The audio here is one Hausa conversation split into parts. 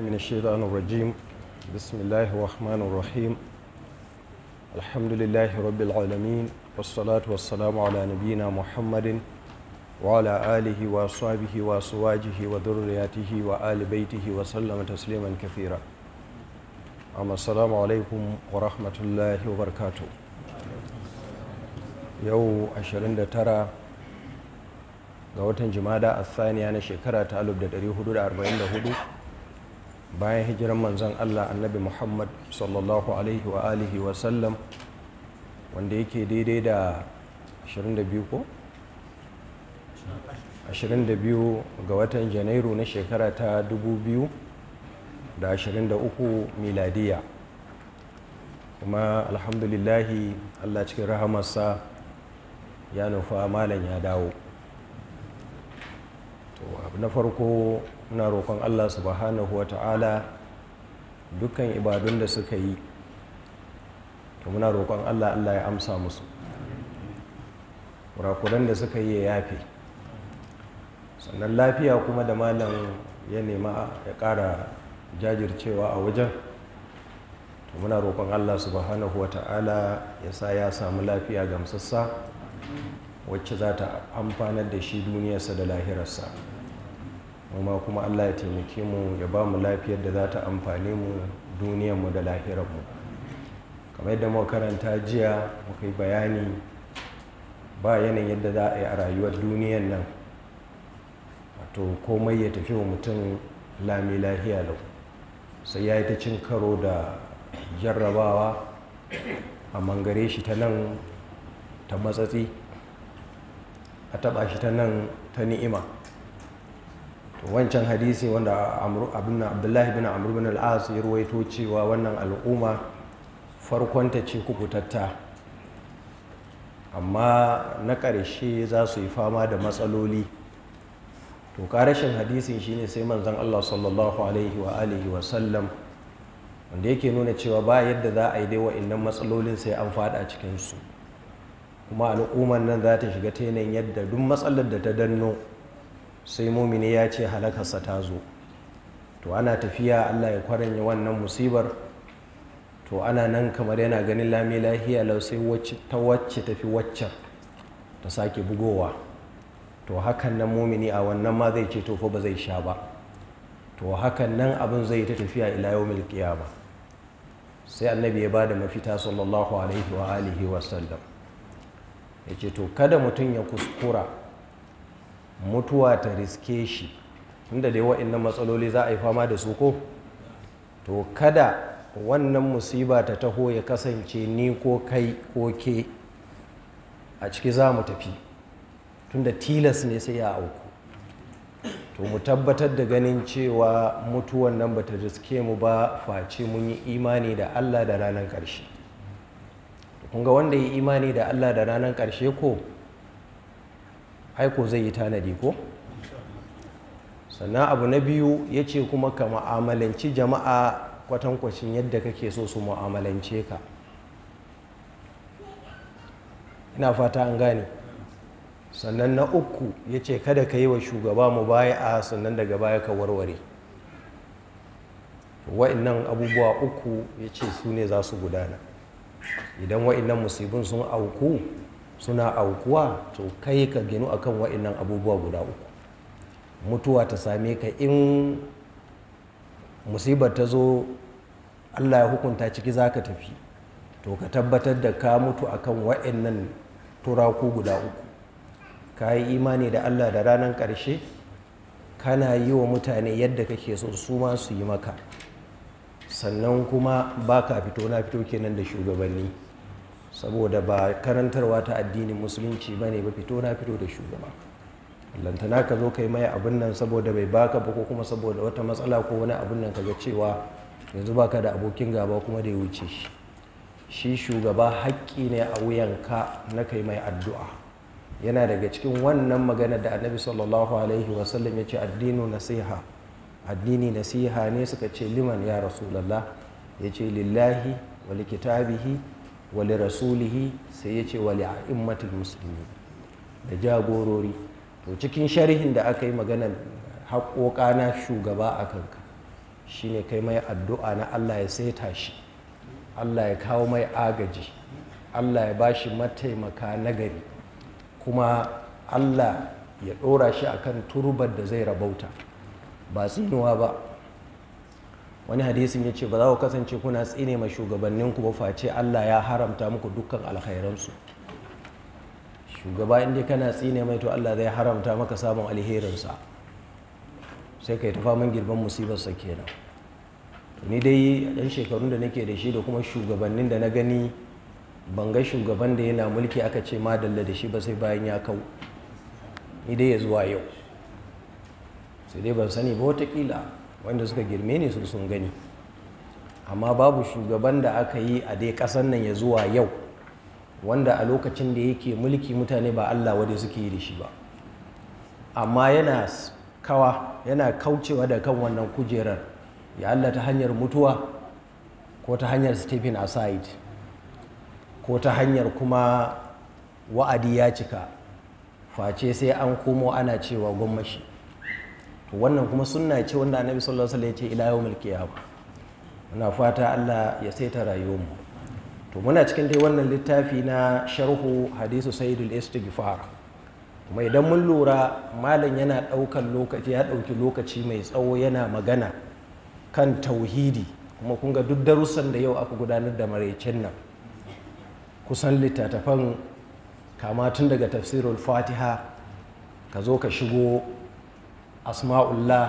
الله من الشيطان الرجيم بسم الله الرحمن الرحيم الحمد لله رب العالمين والصلاة والسلام على نبينا محمد وعلى آله وأصحابه وأزواجه وذرياته وآل بيته وسلم تسليما كثيرا أما السلام عليكم ورحمة الله وبركاته يو أشرين ترى ga watan jimada a saniya na shekara ta 1444 bayan hijiran manzan allah annabi muhammad sallallahu alaihi wa alihi wa sallam wanda yake daidai da 22 ko 22 ga watan janairu na shekara ta 2023 miladiya kuma alhamdulillahi allah cikin rahamarsa ya nufa malam ya dawo to abu na farko na roƙon allah subhanahu wa ta'ala dukkan ibadun da suka yi to muna roƙon allah allah ya amsa musu kurakuran da suka yi ya yafe sannan lafiya kuma da malam ya nema ya ƙara jajircewa a wajen to muna roƙon allah subhanahu wa ta'ala ya sa ya samu lafiya gamsassa wacce za ta amfanar da shi duniyarsa da lahirarsa amma kuma allah ya taimake mu ya ba mu lafiyar da za ta amfani mu duniyarmu da mu kamar yadda muka karanta jiya muka yi bayani ba yanayin yadda za a yi a rayuwar duniyar nan wato komai ya tafi wa mutum lami lahiya lau sai ya yi ta cin karo da jarrabawa a mangare shi ta nan ta matsatsi a taba shi ta nan ta ni'ima wancan hadisi wanda abin abdullahi bin amr bin al'as ya ruwaito cewa wannan al'umma farkonta ce kukutatta amma na ƙarshe za su yi fama da matsaloli to ƙarashin hadisin shine sai manzon allah sallallahu alaihi wa alihi wa sallam wanda yake nuna cewa ba yadda za a yi dai wa'innan matsalolin sai an fada cikinsu kuma al'ummar nan za ta shiga ta yadda duk matsalar da ta danno sai mumini ya ce halakarsa ta zo to ana tafiya allah ya kwaranya wannan musibar to ana nan kamar yana ganin lami lahiya lau sai ta wacce tafi waccan ta sake bugowa to hakan nan mumini a wannan ma zai ce to ba zai sha ba to hakan nan abin zai ta tafiya ilayo milkiya ba. sai annabi ya bada mafita sallallahu alaihi wa alihi wa sallam ce to kada mutum ya kuskura mutuwa ta riske shi inda dai wa'annan matsaloli za a yi fama da su ko to kada wannan musiba ta taho ya kasance ni ko kai ko ke a ciki za mu tafi tunda tilas ne sai ya auku to mu tabbatar da ganin cewa mutuwan nan ba ta riske mu ba face mun yi imani da Allah da ranar ƙarshe kunga wanda ya imani da Allah da ranar ƙarshe ko aiko zai yi tanadi ko sannan abu na biyu ya ce kuma ka ma'amalanci jama'a kwatankwacin yadda kake so su ma'amalance ka ina fata an gane sannan na uku ya ce kada ka yi wa shugaba mu baya a sannan daga baya ka warware wa'annan abubuwa uku ya ce su ne za su gudana idan wa'annan musibin sun auku suna aukuwa to kai ka ginu akan wa'annan abubuwa guda uku mutuwa ta same ka in musibar ta zo allah ya hukunta ciki za ka tafi to ka tabbatar da ka mutu akan wa'annan turaku guda uku ka yi imani da allah da ranar ƙarshe kana yi wa mutane yadda kake so su ma su yi maka sannan kuma ba ka fito na fito kenan da shugabanni saboda ba karantarwa ta addinin musulunci ba ne ba fito na fito da shugaba lantana ka zo kai mai abin nan saboda bai baka ba ko kuma saboda wata matsala ko wani abin nan ka ga cewa yanzu baka da abokin gaba kuma da ya wuce shi shi shugaba haƙƙi ne a wuyanka na kai mai addu'a yana daga cikin wannan magana da annabi sallallahu alaihi wasallam ya ce addinu nasiha addini nasiha ne suka ce liman ya rasulallah ya ce lillahi wa likitabihi wali rasulihi sai ya ce wali a'immatul musulmi da jagorori to cikin sharhin da aka yi maganar haƙoƙa na shugaba a kanka shine kai mai addu'a na Allah ya saita shi Allah ya kawo mai agaji Allah ya bashi mataimaka nagari kuma Allah ya ɗora shi akan turbar da zai rabauta ba tsinuwa ba wani hadisin ya ce ba za ku kasance kuna tsine ma shugabannin ku ba face allah ya haramta muku dukkan alkhairansu shugaba inda kana tsine mai to allah zai haramta maka samun alherinsa sai kai yi ta faman girban musibarsa kenan ni dai ɗan shekarun da nake da shi da kuma shugabannin da na gani ban ga shugaban da yana mulki aka ce ma dalla da shi ba sai bayan ya kau ni dai ya zuwa yau sai dai ban sani ba watakila wanda suka girme ne su sun gani amma babu shugaban da aka yi a dai ƙasar nan ya zuwa yau wanda a lokacin da yake mulki mutane ba allah wadda suke yi da shi ba amma yana kawa yana kaucewa da kan wannan kujerar ya allah ta hanyar mutuwa ko ta hanyar stephen aside ko ta hanyar kuma wa'adi ya cika face sai an komo ana cewa gwammashi to wannan kuma suna ce wanda annabi sallallahu alaihi ya ce ila yawmil hau muna fata Allah ya saita mu. to muna cikin dai wannan littafi na sharhu hadisu sayyidul istighfar kuma idan mun lura malam yana daukan lokaci ya ɗauki lokaci mai tsawo yana magana kan tauhidi kuma kun ga duk darussan da yau aka gudanar da maraicin nan kusan littattafan kama tun daga tafsirul fatiha ka zo ka shigo asma'ullah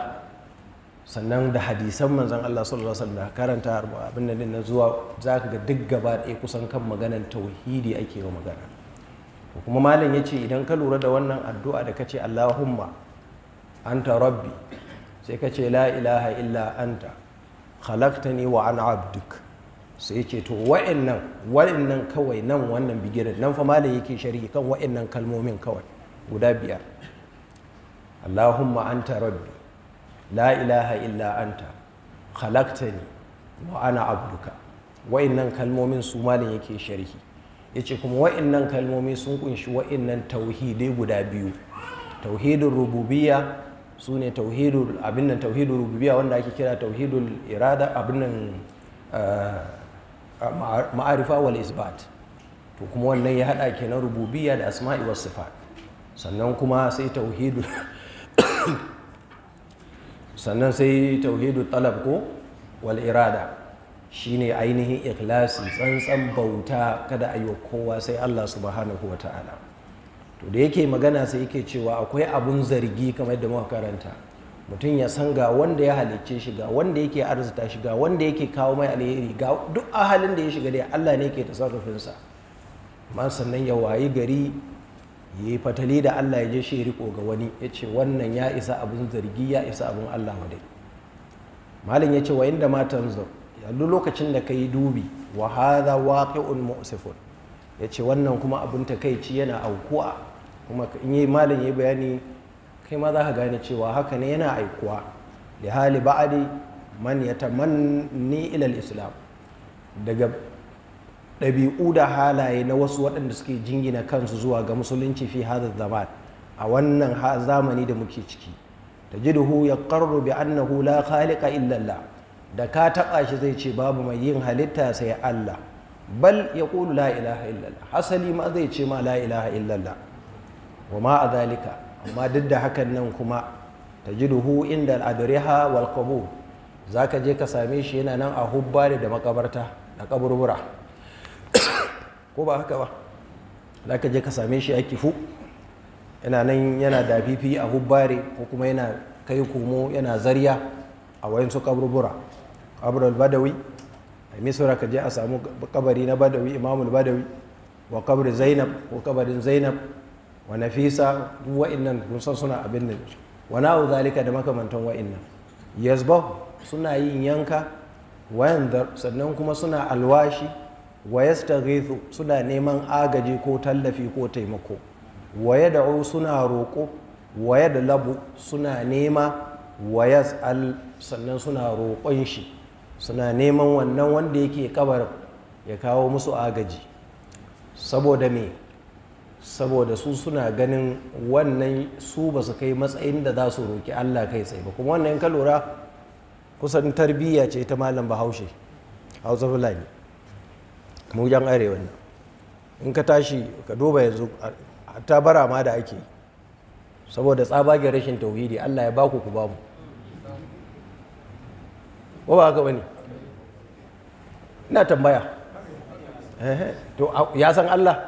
sannan da hadisan manzan Allah sallallahu alaihi wasallam karanta abin nan zuwa zaka ga duk gaba ɗaya kusan kan maganan tauhidi ake wa magana kuma malam yace idan ka lura da wannan addu'a da kace Allahumma anta rabbi sai kace la ilaha illa anta khalaqtani wa ana abduk sai yace to wa'annan wa'annan kawai nan wannan bigirin nan fa malam yake sharhi kan wa'annan kalmomin kawai guda biyar Allahumma anta rabbi la ilaha illa anta khalaqtani wa ana abduka wa'innan kalmomin su malin yake sharhi yace kuma wa'innan kalmomi sun kunshi wa'innan tauhidai guda biyu tauhidin rububiyya su ne abin nan tauhidul rububiyya wanda ake kira tauhidul abin nan eh, ma'arifa wal isbat to kuma wannan ya hada kenan rububiya da asma'i was sifat sannan kuma sai tauhidul sannan sai tauhidu talab ko wal irada shine ainihin ikhlasi tsantsan bauta kada a yi kowa sai Allah subhanahu wa ta'ala to da yake magana sai yake cewa akwai abun zargi kamar da muka karanta mutum ya san ga wanda ya halicce shi ga wanda yake arzuta shi ga wanda yake kawo mai alheri ga duk ahalin da ya shiga dai Allah ne ke tasarrufinsa amma sannan ya wayi gari ya yi fatali da allah ya je shi riko ga wani ya ce wannan ya isa abin zargi ya isa abin allah wadai malin ya ce wa inda matan zo lokacin da ka yi dubi wa hadha waqi'un mu'sifun ya ce wannan kuma abin ta takaici yana aukuwa kuma in yi malin ya bayani kai ma za ka gane cewa haka ne yana aikuwa da hali ba'adi man ya tamanni ilal islam daga ɗabi'u da halaye na wasu waɗanda suke jingina kansu zuwa ga musulunci fi hada zaman a wannan zamani da muke ciki duhu ya ƙarru bi annahu la khaliqa illallah da ka taɓa shi zai ce babu mai yin halitta sai Allah bal ya ƙulu la ilaha illallah hasali ma zai ce ma la ilaha illallah wa ma a zalika amma duk da hakan nan kuma ta duhu inda al'adariha wal za ka je ka same shi yana nan a hubbari da makabarta da kaburbura ko ba haka ba za ka je ka same shi a kifu yana nan yana da fifi a hubbare ko kuma yana kai komo yana zariya a wayansu kaburbura kabrul badawi a misira ka je a samu kabari na badawi imamul badawi wa kabarin zainab ko kabarin zainab wa nafisa duk wa'innan kun san suna abin da wa na'u zalika da makamantan nan. yasbah suna yin yanka wayan sannan kuma suna alwashi da yastaghithu suna neman agaji ko tallafi ko taimako da yad'u suna roƙo da labu suna nema waya al sannan suna roƙon shi suna neman wannan wanda yake kabar ya kawo musu agaji saboda me saboda su suna ganin wannan su ba su kai matsayin da za su roƙi Allah kai tsaye ba kuma wannan ka lura kusan tarbiyya ce ta malam bahaushe hausa fulani mu yan arewa ne in ka tashi ka duba yanzu ta bara ma da ake saboda tsabagen rashin tauhidi allah ya baku ku ba mu ba ba haka wani ina tambaya to ya san allah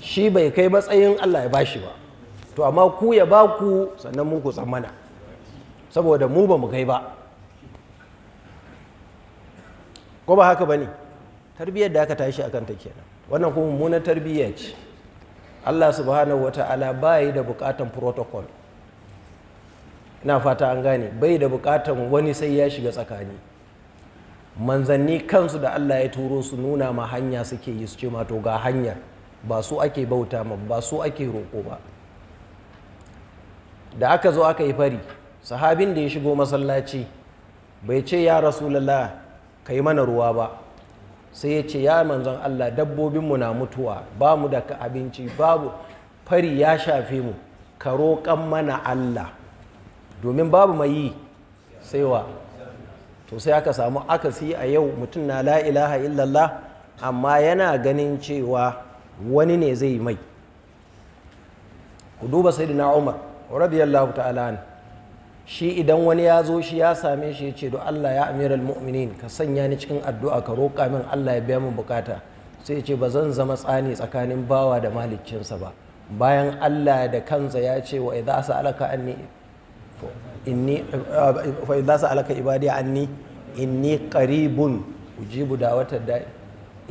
shi bai kai matsayin allah ya bashi ba to amma ku ya baku sannan mun ku tsammana saboda mu ba mu kai ba ko ba haka ba ne tarbiyyar da aka tashi akan ta kenan wannan kuma mummunar tarbiyya ce allah subhanahu wata'ala ba da bukatan protocol ina fata an gane bai da bukatan wani sai ya shiga tsakani manzanni kansu da allah ya turo su nuna ma hanya suke yi su ce ma to ga hanyar ba su ake bauta ma ba su ake roƙo ba da aka zo aka yi fari sahabin da ya shigo masallaci bai ce ya rasulallah ka yi mana ruwa ba sai ya ce ya manzon Allah dabbobinmu na mutuwa ba mu da abinci babu fari ya shafe mu ka roƙan mana Allah domin babu mai yi sai wa to sai aka samu akasi a yau mutum na la ilaha illallah amma yana ganin cewa wani ne zai mai ku duba saidina Umar radiyallahu ta'ala ne shi idan wani ya zo shi ya same shi ya ce do Allah ya amira mu'minin ka sanya ni cikin addu'a ka roƙa min Allah ya biya min bukata sai ya ce ba zan zama tsani tsakanin bawa da malikinsa ba bayan Allah da kansa ya ce wa idza sa'alaka anni inni fa idza sa'alaka ibadi anni inni qaribun ujibu da'wata da'i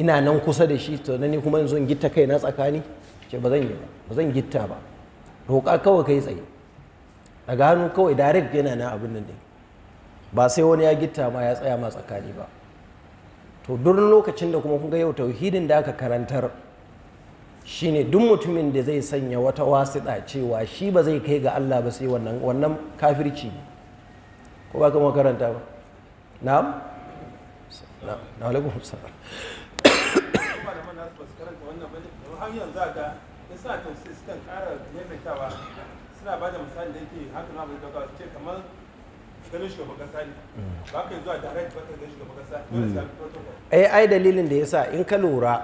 ina nan kusa da shi to ni kuma yanzu in gitta kai na tsakani ce ba zan yi ba ba zan gitta ba roƙa kawai kai tsaye daga hannu kawai direct yana na abin nan din ba sai wani ya gitta ma ya tsaya ma tsakani ba to durin lokacin da kuma kun ga yau tauhidin da aka karantar shine duk mutumin da zai sanya wata wasiɗa cewa shi ba zai kai ga Allah ba sai wannan wannan kafirci ne ko ba ka makaranta ba na alaikum salam malaman ba ba har yanzu ga suna ba da misali da yake haka na abin ce kamar ganin shugaban kasa ne ba ka zuwa da ganin shugaban kasa ai eh, ai dalilin da yasa in ka lura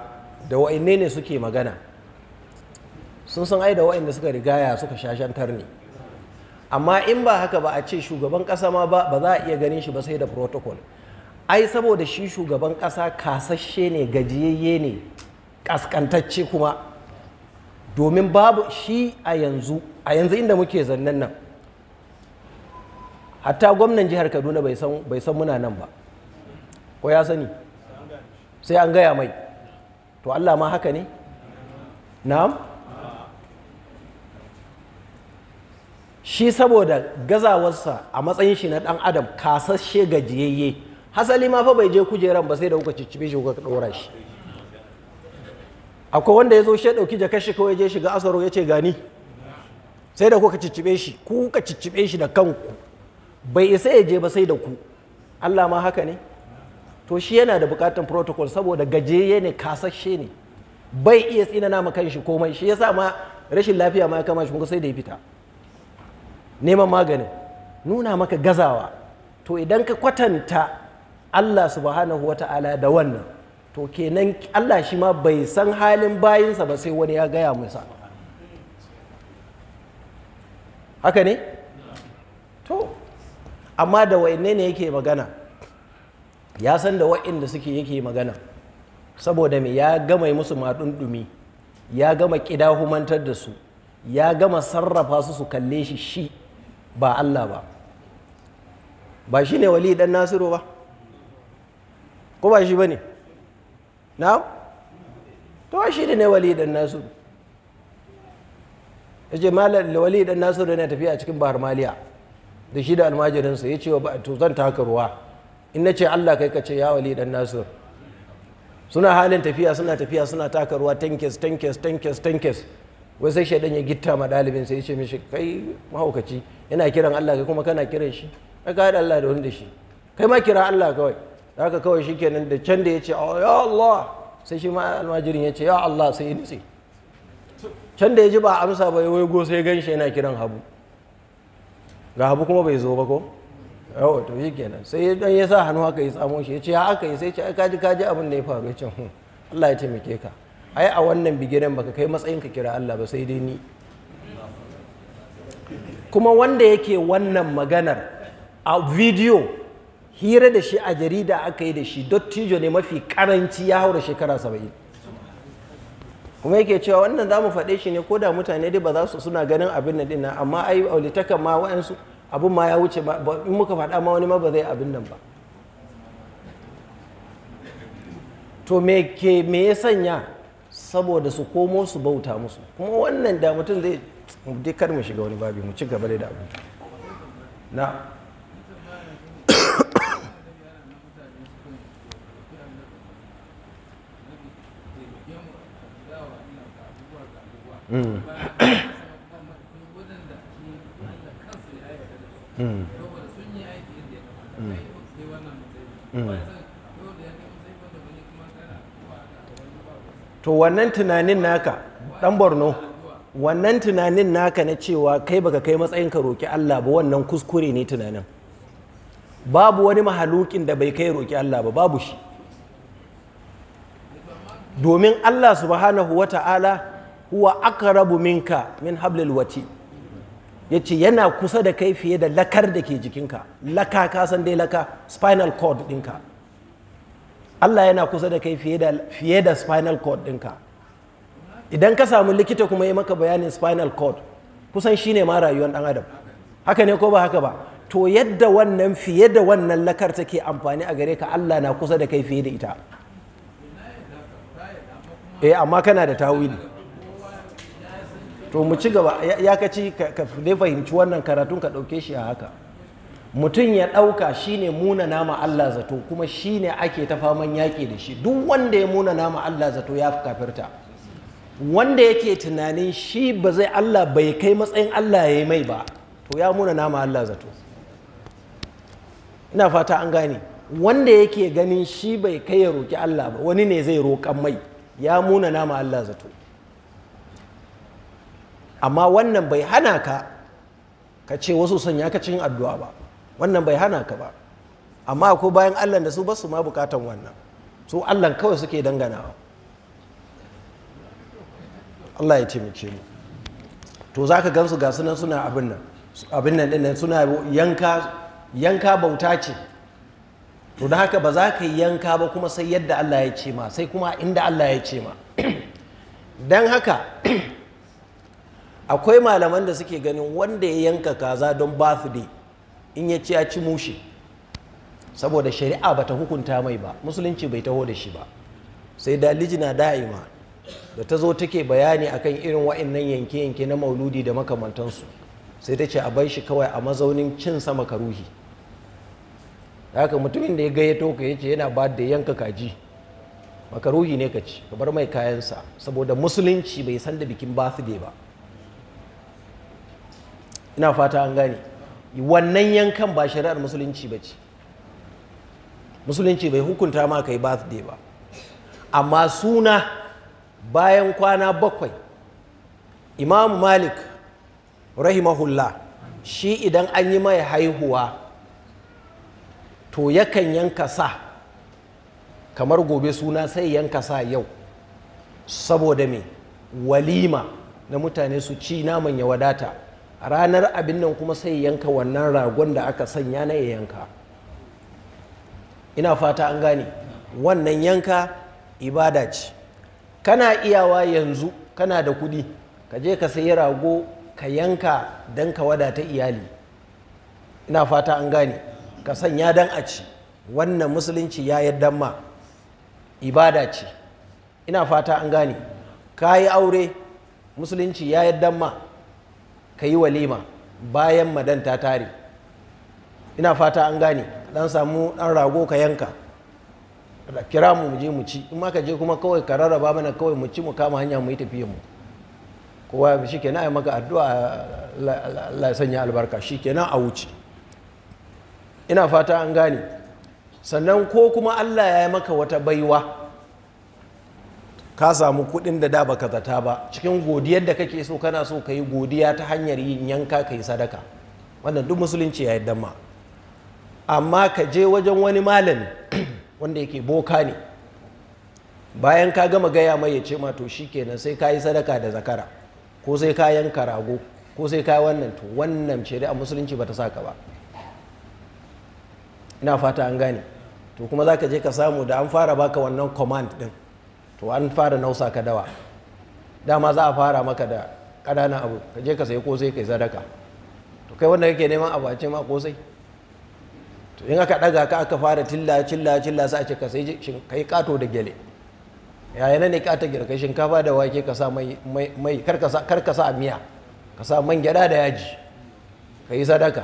da wa'anne ne suke magana sun san ai da wa'anda suka rigaya suka shashantar ne amma in ba haka ba a ce shugaban kasa ma ba ba za a iya ganin shi ba sai da protocol ai saboda shi shugaban kasa kasashe ne gajiyayye ne kaskantacce kuma domin babu shi a yanzu a yanzu inda muke zannan nan hatta gwamnan jihar kaduna bai san muna nan ba ko ya sani sai an gaya mai to allah ma haka ne na'am shi saboda gazawarsa a matsayin shi na dan adam kasashe gajiyayye hasali ma fa bai je kujeran ba sai da kuka cicibe shi kuka dora shi akwai wanda ya zo shi ya dauki jakar shi kawai je shiga asaro ya ce gani sai da kuka ciccibe shi ku ka ciccibe shi da kanku bai isa ya je ba sai da ku Allah ma haka ne to shi yana da bukatan protocol saboda gajeye ne kasashe ne bai iya tsinana ma kanshi komai shi yasa ma rashin lafiya ma ya kama shi sai da ya fita neman maganin nuna maka gazawa to idan ka kwatanta Allah subhanahu wata'ala da wannan to kenan Allah shi ma bai san halin bayinsa ba sai wani ya gaya masa haka ne to amma da waine ne yake magana ya san da wa'inda suke yake magana saboda mai ya gama musu maɗundumi ya gama humantar da su ya gama sarrafa su su kalle shi shi ba Allah ba ba shi ne wali dan nasiru ba ko ba shi ba ne na? to shi ne wali dan nasiru ya ce malam wali dan nasiru yana tafiya a cikin bahar maliya da shi da almajirinsa ya ce wa to zan taka ruwa in na ce allah kai ka ce ya wali dan nasiru suna halin tafiya suna tafiya suna taka ruwa tankes tankes tankes tankes wai sai shaidan ya gitta ma ɗalibin sai ya ce mishi kai mahaukaci yana kiran allah kai kuma kana kiran shi kai ka haɗa allah da wanda shi kai ma kira allah kawai haka kawai shikenan da can da ya ce oh, ya allah sai shi ma almajirin ya ce ya allah sai ya nutse can da ya ji ba amsa ba wai go sai ganshi yana kiran habu ga habu kuma bai zo ba ko yawa to yi kenan sai dan ya sa hannu haka ya tsamo shi ya ce haka yi sai ce kaji kaji abin da ya faru can hmm, Allah ya taimake ka ai a wannan bigiren baka kai matsayin ka kira Allah ba sai dai ni kuma wanda yake wannan maganar a bidiyo hira da shi a jarida aka yi da shi dottijo ne mafi karanci ya haura shekara saba'in kuma yake cewa wannan za mu faɗe shi ne ko da mutane dai ba za su suna ganin abin nan dinnan amma ai aulitakan ma wa'ansu abin ma ya wuce ba in muka faɗa ma wani ma ba zai abin nan ba to me ke me ya sanya saboda su komo su bauta musu kuma wannan da mutum zai dai kar mu shiga wani babi mu ci gaba da abu na to wannan tunanin naka dan borno wannan tunanin naka na cewa kai baka kai matsayin ka roki Allah ba wannan kuskure ne tunanin babu wani mahalukin da bai kai roki Allah ba babu shi domin Allah subhanahu wa ta'ala huwa aqrabu minka min hablil wati yace yana kusa da kai fiye da lakar da ke jikinka laka ka san dai laka spinal cord dinka. Allah yana kusa da kai fiye da spinal cord dinka. idan ka samu likita kuma yi maka bayanin spinal cord kusan shine ma rayuwar dan adam haka ne ko ba haka ba to yadda wannan fiye da wannan lakar take amfani a gare ka Allah na kusa da kai fiye da ita eh amma kana da tawili to mu ci gaba ya kaci ka fahimci wannan karatun ka ɗauke shi a haka mutum ya ɗauka shine muna nama Allah zato kuma shine ake ta faman yaƙi da shi duk wanda ya muna nama Allah zato ya fi kafirta wanda yake tunanin shi ba zai Allah bai kai matsayin Allah ya yi mai ba to ya muna nama Allah zato ina fata an gane wanda yake ganin shi bai kai ya roƙi Allah ba wani ne zai roƙan mai ya muna nama Allah zato amma wannan bai hana ka ka ce wasu sanya ka cikin addu'a ba wannan bai hana ka ba amma ko bayan allah da su ba su ma bukatan wannan su allah kawai suke danganawa allah ya taimake mu to za ka gansu ga sunan suna abin nan abin nan din suna yanka yanka bauta ce to da haka ba za ka yi yanka ba kuma sai yadda allah ya ce ma sai kuma inda allah ya ce ma don haka akwai malaman da suke ganin wanda ya yanka kaza don birthday in ya ci ya ci mushi saboda shari'a bata hukunta mai ba musulunci bai taho da shi ba sai da lijina da'ima da ta zo take bayani akan irin wa'annan yanke-yanke na mauludi da makamantansu sai ta ce a bai shi kawai a mazaunin cin sama ruhi haka mutumin da ya gaya gayyato ka ce yana ba da yanka kaji makaruhi ne ka ci ka bar mai kayansa saboda musulunci bai san da bikin birthday ba ina fata an gane wannan yankan ba shari'ar musulunci ba ce musulunci bai hukunta ma kai su ba amma suna bayan kwana bakwai imam malik rahimahullah shi idan an yi mai haihuwa to yakan yanka sa kamar gobe suna sai yanka sa yau saboda me walima na mutane su ci naman ya wadata ranar abin nan kuma sai yanka wannan ragon da aka sanya na ya yanka ina fata an gane wannan yanka ibada ce kana iyawa yanzu kana da kudi ka je ka sayi rago ka yanka don ka wadata iyali ina fata an gane ka sanya don a ci wannan musulunci ya yadda ma ibada ce ina fata an gane ka yi aure musulunci ya yadda ma ka yi walima bayan madan ta tare ina fata an gane dan samu dan rago ka yanka kira mu mu je mu ci in ma ka je kuma kawai ka rarraba mana kawai mu ci mu kama hanya mu yi tafiyar mu kowa shi kenan a maka addu'a Allah ya sanya albarka shi kenan a wuce ina fata an gane sannan ko kuma Allah ya yi maka wata baiwa ka samu kuɗin da da baka zata ba cikin godiyar da kake so kana so ka yi godiya ta hanyar yin yanka ka yi sadaka wannan duk musulunci ya yi ma amma ka je wajen wani malami wanda yake boka ne bayan ka gama gaya mai ya ce ma to shikenan sai ka yi sadaka da zakara ko sai ka yanka rago ko sai ka wannan to wannan shari'a musulunci bata saka ba ina fata an gane to kuma za ka je ka samu da an fara baka wannan command din to an fara nausa ka dawa dama za a fara maka da ƙananan abu ka je ka sayi kosai kai sadaka to kai wanda kake neman abu a ce ma sai to in aka daga ka aka fara tilla cilla cilla sai a ce ka sai kai kato da gele yayin ne kata girka shinkafa da wake ka sa mai mai kar ka sa miya ka sa man gyada da yaji ka yi sadaka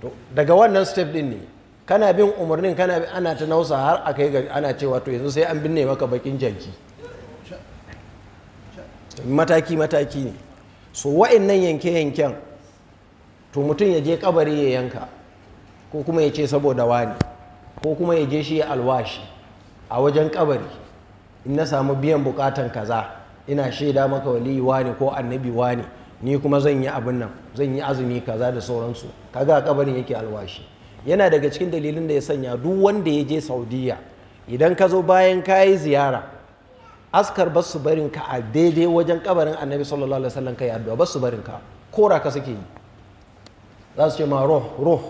to daga wannan step din ne kana bin umarnin kana ana ta nausa har a kai ga ana cewa to yanzu sai an binne maka bakin jaki mataki mataki ne so nan yanke yanken to mutum ya je kabari ya yanka ko kuma ya ce saboda wani ko kuma ya je shi ya alwashi a wajen kabari in na samu biyan bukatan kaza ina shaida maka waliyi wani ko annabi wani ni kuma zan yi abin nan zan yi azumi kaza da sauransu kaga kabarin yake alwashi yana daga cikin dalilin da ya sanya duk wanda ya je saudiya idan ka zo bayan ka yi ziyara askar ba su barin ka a daidai wajen kabarin annabi sallallahu alaihi wasallam kai addu'a ba su barin ka kora ka suke yi za su ce ma roh roh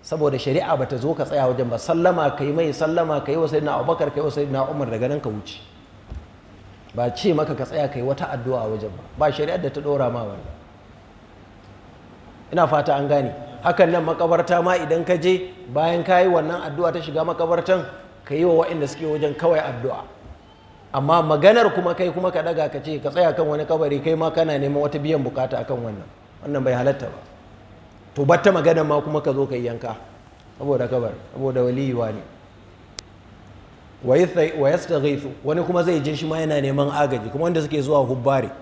saboda shari'a ba ta zo ka tsaya wajen ba sallama kai mai sallama kai wa sayyidina abubakar kai wa sayyidina umar daga nan ka wuce ba ce maka ka tsaya kai wata addu'a wajen ba ba shari'ar da ta dora ma wannan ina fata an gane hakan nan makabarta ma idan ka je bayan ka yi wannan addu'a ta shiga makabartan ka yi wa waɗanda suke wajen kawai addu'a amma maganar kuma kai kuma ka daga ka ce ka tsaya kan wani kabari kai ma kana neman wata biyan bukata akan wannan wannan bai halatta ba to batta maganar ma kuma ka zo ka yi yanka saboda kabar saboda waliyi wani wa yastaghithu wani kuma zai je shi ma yana neman agaji kuma wanda suke zuwa hubbare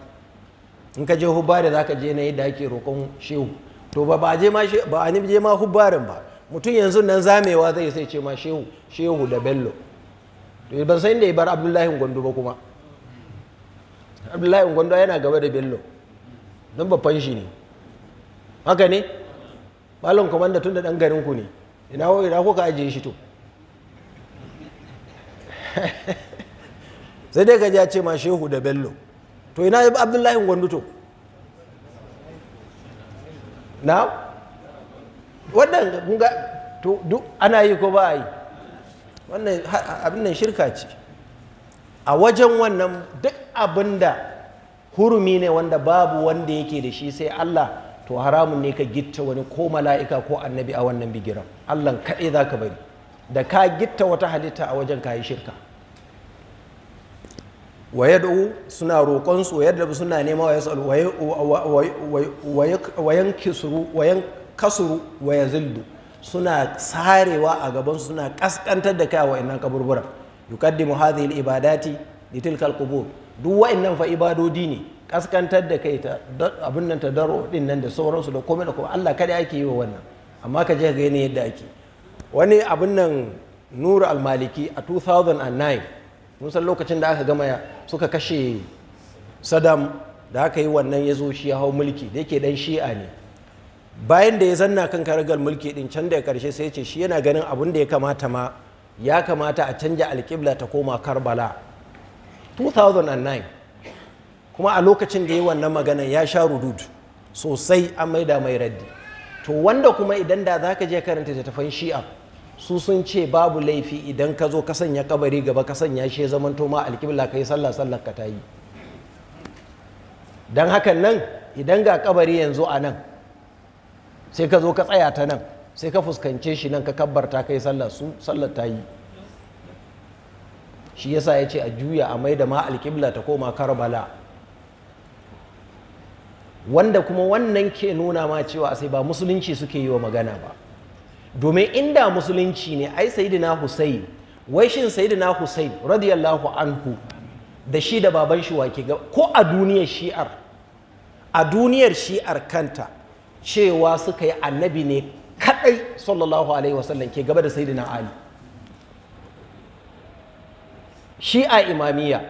in ka je hubbare zaka je na da ake roƙon shehu to ba je ma ba a je ma hubbarin ba mutum yanzu nan zamewa zai sai ce ma shehu shehu da bello to ban san inda ya bar abdullahi gondo ba kuma abdullahi gondo yana gaba da bello don babban shi ne haka ne malam komanda tun da dan garin ku ne ina ina ka ajiye shi to sai dai gaji a ce ma shehu da bello to ina abdullahi gondo to na wannan kun ga to duk ana yi ko ba yi wannan abin shirka ce a wajen wannan duk abinda hurumi ne wanda babu wanda yake da shi sai Allah to haramun ne ka gitta wani ko mala'ika ko annabi a wannan bigiran Allah kaɗai za ka bari da ka gitta wata halitta a wajen ka yi shirka wa suna roƙonsu su yadda suna nema wa yasalu wa kasuru wa kasuru wa zildu suna sarewa a gaban suna kaskantar da kai a innan kaburburan yuqaddimu hadhihi al-ibadati li tilka al-qubur duk wa'annan fa ibadodi ne kaskantar da kai ta abin nan ta daro din nan da sauransu da komai da komai Allah kada ake yi wa wannan amma ka je ga yadda ake wani abin nan Nura al-Maliki a 2009 mun san lokacin da aka gama suka kashe saddam da aka yi wannan ya zo shi ya hau mulki da yake dan shi'a ne bayan da ya zanna kan karagar mulki din can da karshe sai ce shi yana ganin abin da ya kamata ma ya kamata a canja alƙibla ta koma karbala 2009 kuma a lokacin da ya wannan magana ya sha rudud sosai an maida mai raddi to wanda kuma idan da za ka je karanta tafan shi'a su sun ce babu laifi idan ka zo ka sanya kabari gaba ka sanya shi zaman toma alƙibla ka yi sallah sallah ka ta yi don hakan nan idan ga kabari yanzu a nan sai ka zo ka tsaya ta nan sai ka fuskance shi nan ka kabbarta ka yi sallah su sallah ta yi shi yasa ya ce a juya a mai da ma alƙibla ta koma karbala wanda kuma wannan ke nuna ma cewa sai ba musulunci suke yi wa magana ba domin inda musulunci ne ai sayyidina Husayn wai shin sayyidina Husayn radiyallahu anhu da shi da baban shi wake ga ko a duniyar shi'ar a duniyar shi'ar kanta cewa suka yi annabi ne kadai sallallahu alaihi wasallam ke gaba da sayyidina Ali shi'a imamiyya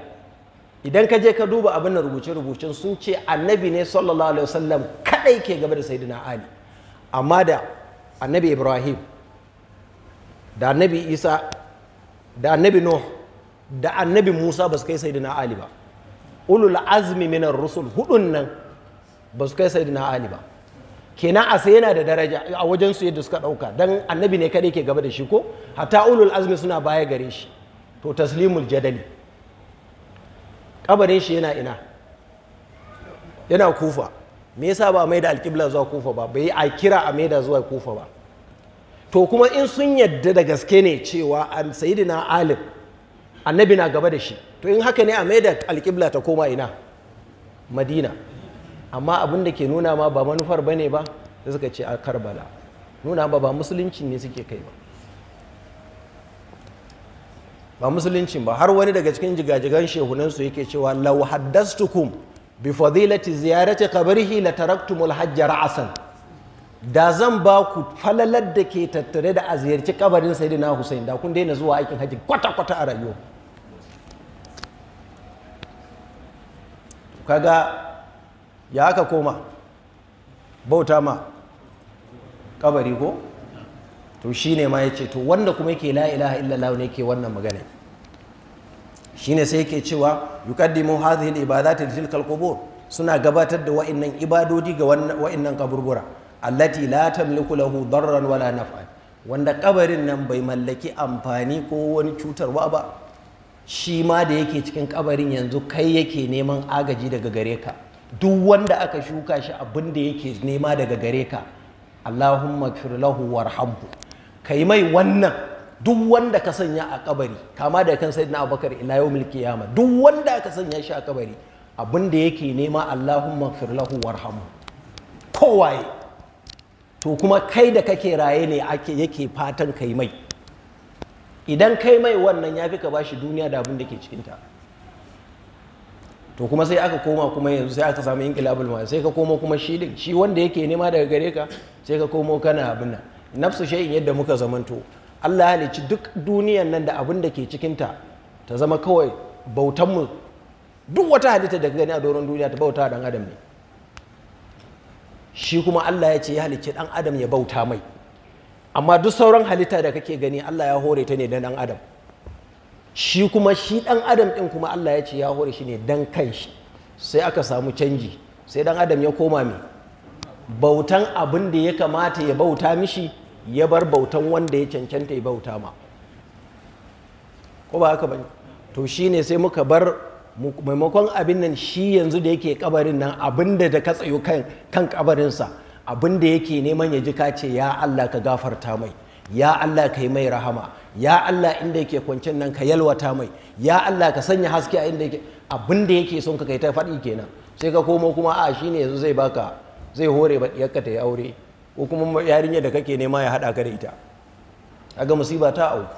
idan ka je ka duba abin da rubuce-rubucen sun ce annabi ne sallallahu alaihi wasallam kadai ke gaba da sayyidina Ali amma da annabi ibrahim da annabi isa da annabi nuh da annabi musa ba su kai sai ali ba ulul azmi minar rusul hudun nan ba su kai sai ali ba kenan a sai yana da daraja a wajen su yadda suka dauka dan annabi ne kadai ke gaba da shi ko hatta ulul azmi suna baya gare shi to taslimul jadali kabarin shi yana ina yana kufa me yasa ba mai da alƙibla zuwa kufa ba bai a kira a mai da zuwa kufa ba to kuma in sun yadda da gaske ne cewa an na alim annabi na gaba da shi to in haka ne a mai da alƙibla ta koma ina madina amma abin da ke nuna ma ba manufar ba ne ba da suka ce a karbala nuna ba ba musuluncin ne suke kai ba ba musuluncin ba har wani daga cikin jigajigan shehunansu yake cewa lau haddastukum bi fadilati ziyarati qabrihi la taraktumul hajja ra'asan da zan ba ku falalar da ke tattare da a ziyarci kabarin na Hussein da kun daina zuwa aikin hajji kwata-kwata a rayuwa kaga ya aka koma bauta ma kabari ko to shi ne ma ya ce. to wanda kuma yake la ilaha illallah ne ke wannan magana Shi ne sai yake cewa yuqaddimu hadhihi hazi ibadati tilka al suna gabatar da wa'annan ibadodi ga wa'annan kaburbura allati la tamliku lahu darran wala naf'an wanda kabarin nan bai mallaki amfani ko wani cutarwa ba shi ma da yake cikin kabarin yanzu kai yake neman agaji daga gare ka duk wanda aka shuka shi abin da yake nema daga gare ka Allahumma kfir lahu warhamhu kai mai wannan duk wanda ka sanya a kabari kama da kan sayyidina Abubakar ila yawmil qiyamah duk wanda aka sanya shi a kabari abin da yake nema Allahumma kfir lahu warhamhu kowaye to kuma kai da kake raye ne ake yake fatan kai mai idan kai mai wannan ya fi ka bashi duniya da abin da ke cikinta to kuma sai aka koma kuma yanzu sai aka samu inqilabul ma sai ka koma kuma shi din shi wanda yake nema daga gare ka sai ka komo kana abin nan nafsu shay'in yadda muka zamanto Allah ya halici duk duniyan nan da abin da ke cikinta ta zama kawai bautan mu duk wata halitta da gani a doron duniya ta bauta dan adam ne shi kuma Allah ya ce ya halicci ɗan adam ya bauta mai amma duk sauran halitta da kake gani Allah ya hore ta ne dan ɗan adam shi kuma shi ɗan adam ɗin kuma Allah ya ce ya hore shi ne dan kanshi sai aka samu canji sai ɗan adam ya koma mai bautan abin da ya kamata ya bauta mishi ya bar bautan wanda ya cancanta ya bauta ma ko ba haka bane to shine sai muka bar maimakon abin nan shi yanzu da yake kabarin nan abin da da ka tsayo kan kabarinsa abin da yake neman ya ji kace ya Allah ka gafarta mai ya Allah ka yi mai rahama ya Allah inda yake kwancin nan ka yalwata mai ya Allah ka sanya haske a inda yake abin da yake son ka kai ta faɗi kenan sai ka komo kuma a shine yanzu zai baka zai hore ba diyarka ta aure ko kuma yarinya da kake nema ya hada ka da ita aga musiba ta auku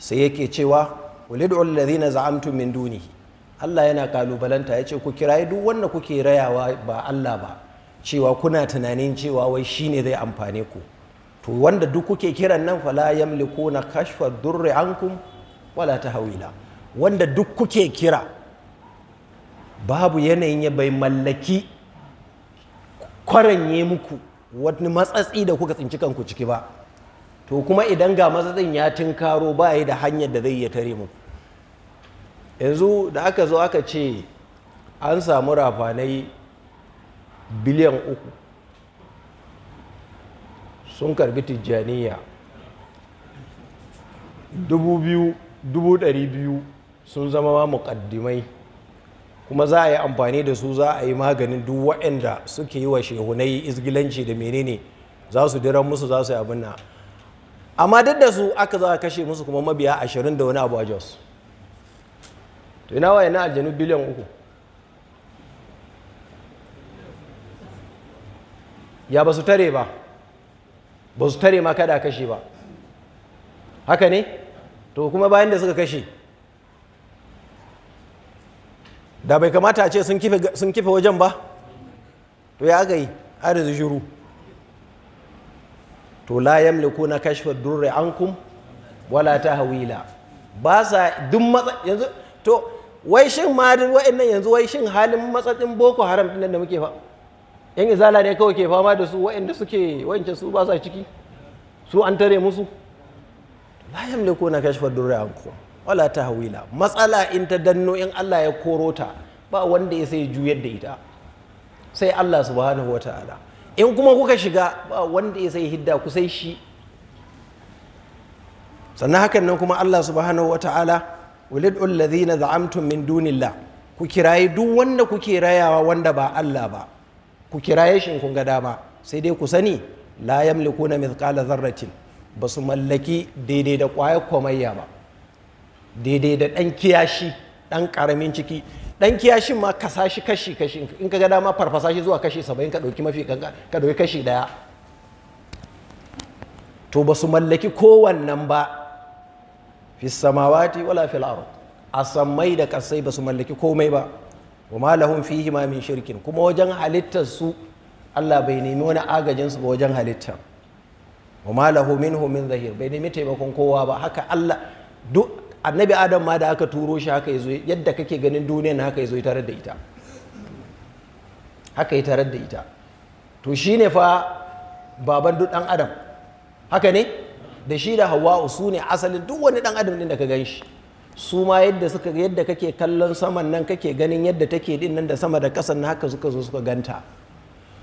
sai yake cewa ulid'u allazina za'amtum min dunihi Allah yana kalubalanta ya ce ku kirayi duk wanda kuke rayawa ba Allah ba cewa kuna tunanin cewa wai shi ne zai amfane ku to wanda duk kuke kiran nan fala yamlikuna kashfa durri ankum wala tahwila wanda duk kuke kira babu yanayin ya bai mallaki kwaranye muku wani matsatsi da kuka tsinci kanku ciki ba to kuma idan ga matsatsin ya tinkaro ba yi da hanyar da zai iya tare muku yanzu da aka zo aka ce an samu rafanai biliyan uku sun karbi tijjaniya dubu sun zama ma muƙaddimai kuma za a yi amfani da su za a yi maganin duk waɗanda suke yi wa shehunai izgilanci da menene za su diran musu za su yi abin amma duk da su aka za a kashe musu kuma mabiya 20 da wani abu a jos to ina waye na aljanu biliyan uku ya ba su tare ba ba su tare ma kada kashe ba haka ne to kuma bayan da suka kashe da bai kamata a ce sun kife wajen ba to ya aka yi arzu shuru to la ko na durre an ankum wala ta hawila ba sa duk matsa yanzu to wai shin madin wa'annan yanzu wai shin halin matsatsin boko haram din da muke fa yan izala ne kawai ke fama da su wa'anda suke wancan su ba sa ciki su an tare musu la yamliku na kashfa durra anku wala tahwila matsala in ta danno in Allah ya koro ta ba wanda ya sai juyar da ita sai Allah subhanahu wataala in kuma kuka shiga ba wanda ya sai hidda ku sai shi sannan hakan nan kuma Allah subhanahu wataala ulid'u ladina za'amtum min dunillah ku kiraye duk wanda kuke rayawa wanda ba Allah ba ku kiraye shin kun ga dama sai dai ku sani la yamlikuna mithqala dharratin ba su mallaki daidai da kwaya kwamayya ba daidai da ɗan kiyashi ɗan ƙaramin ciki ɗan kiyashin ma kasa shi kashi kashi in ka ga dama farfasa shi zuwa kashi 70 ka ɗauki mafi ka dauki kashi ɗaya to ba su mallaki kowannan ba fi samawati wala fil ard a sammai da kasai ba su mallaki komai ba wa ma lahum fihi ma min shirkin kuma wajen halittar su Allah bai nemi wani agajin su ba wajen halitta wa ma lahu minhu min zahir bai nemi taimakon kowa ba haka Allah duk annabi Adam ma da aka turo shi haka yazo yadda kake ganin duniyar haka yazo ya tarar da ita haka ya tarar da ita to shine fa baban duk dan Adam haka ne da shi da hawa'u su ne asalin duk wani dan adam din da ka gan shi su ma yadda suka yadda kake kallon saman nan kake ganin yadda take din nan da sama da kasan na haka suka zo suka ganta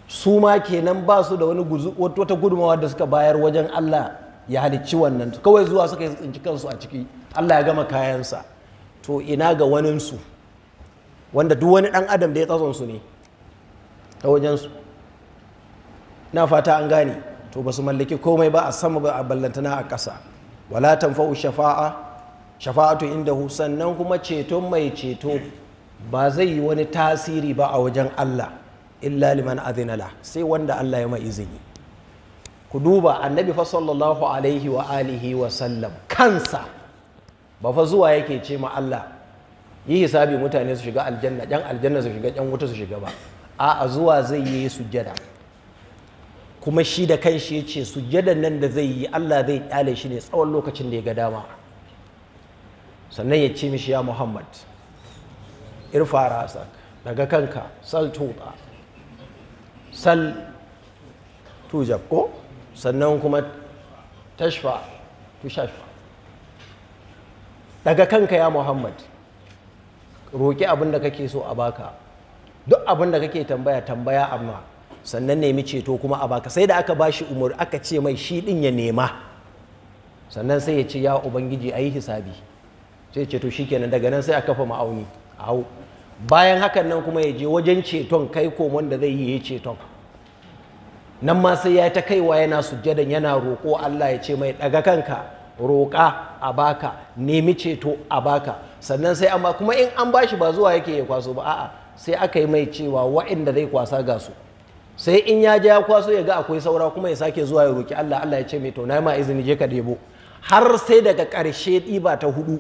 su ma kenan ba su da wani wata gudumawa da suka bayar wajen Allah ya halicci wannan kawai zuwa suka yi tsinci kansu a ciki Allah ya gama kayansa to ina ga waninsu wanda duk wani dan adam da ya tsatson su ne ta su. na fata an gane to ba su mallaki komai ba a sama ba a ballantana a ƙasa wala tanfa'u shafa'a shafa'atu indahu sannan kuma ceton mai ceto ba zai yi wani tasiri ba a wajen Allah illa liman adinala sai wanda Allah ya mai izini ku duba annabi fa sallallahu alaihi wa alihi wa sallam kansa ba fa zuwa yake ce ma Allah yi hisabi mutane su shiga aljanna yan aljanna su shiga yan wuta su shiga ba a'a zuwa zai yi sujjada kuma shi da kanshi ya ce sujjadan nan da zai yi Allah zai kyale shi ne tsawon lokacin da ya ga dama sannan ya ce mishi ya Muhammad irfa rasak daga kanka sal tuta sal tujab ko sannan kuma tashfa tushafa daga kanka ya Muhammad roƙi abin da kake so a baka duk abin da kake tambaya tambaya amma sannan nemi ceto kuma a baka sai da aka ba shi umar aka ce mai shi din ya nema sannan sai ya ce ya ubangiji a yi hisabi sai shi shi kenan daga nan sai a kafa ma'auni a bayan hakan nan kuma ya je wajen ceton kai ko wanda zai yi ya ceton nan ma sai ya ta kaiwa yana sujjadan yana roƙo Allah ya ce mai ɗaga kanka roƙa a baka nemi ceto a baka sannan sai amma kuma in an ba shi ba zuwa yake ya kwaso ba a'a sai aka yi mai cewa wa'inda zai kwasa ga su sai in ya ja ya kwaso ya ga akwai saura kuma ya sake zuwa ya roki Allah Allah ya ce mai to na ma izini je ka debo har sai daga karshe ɗiba ta hudu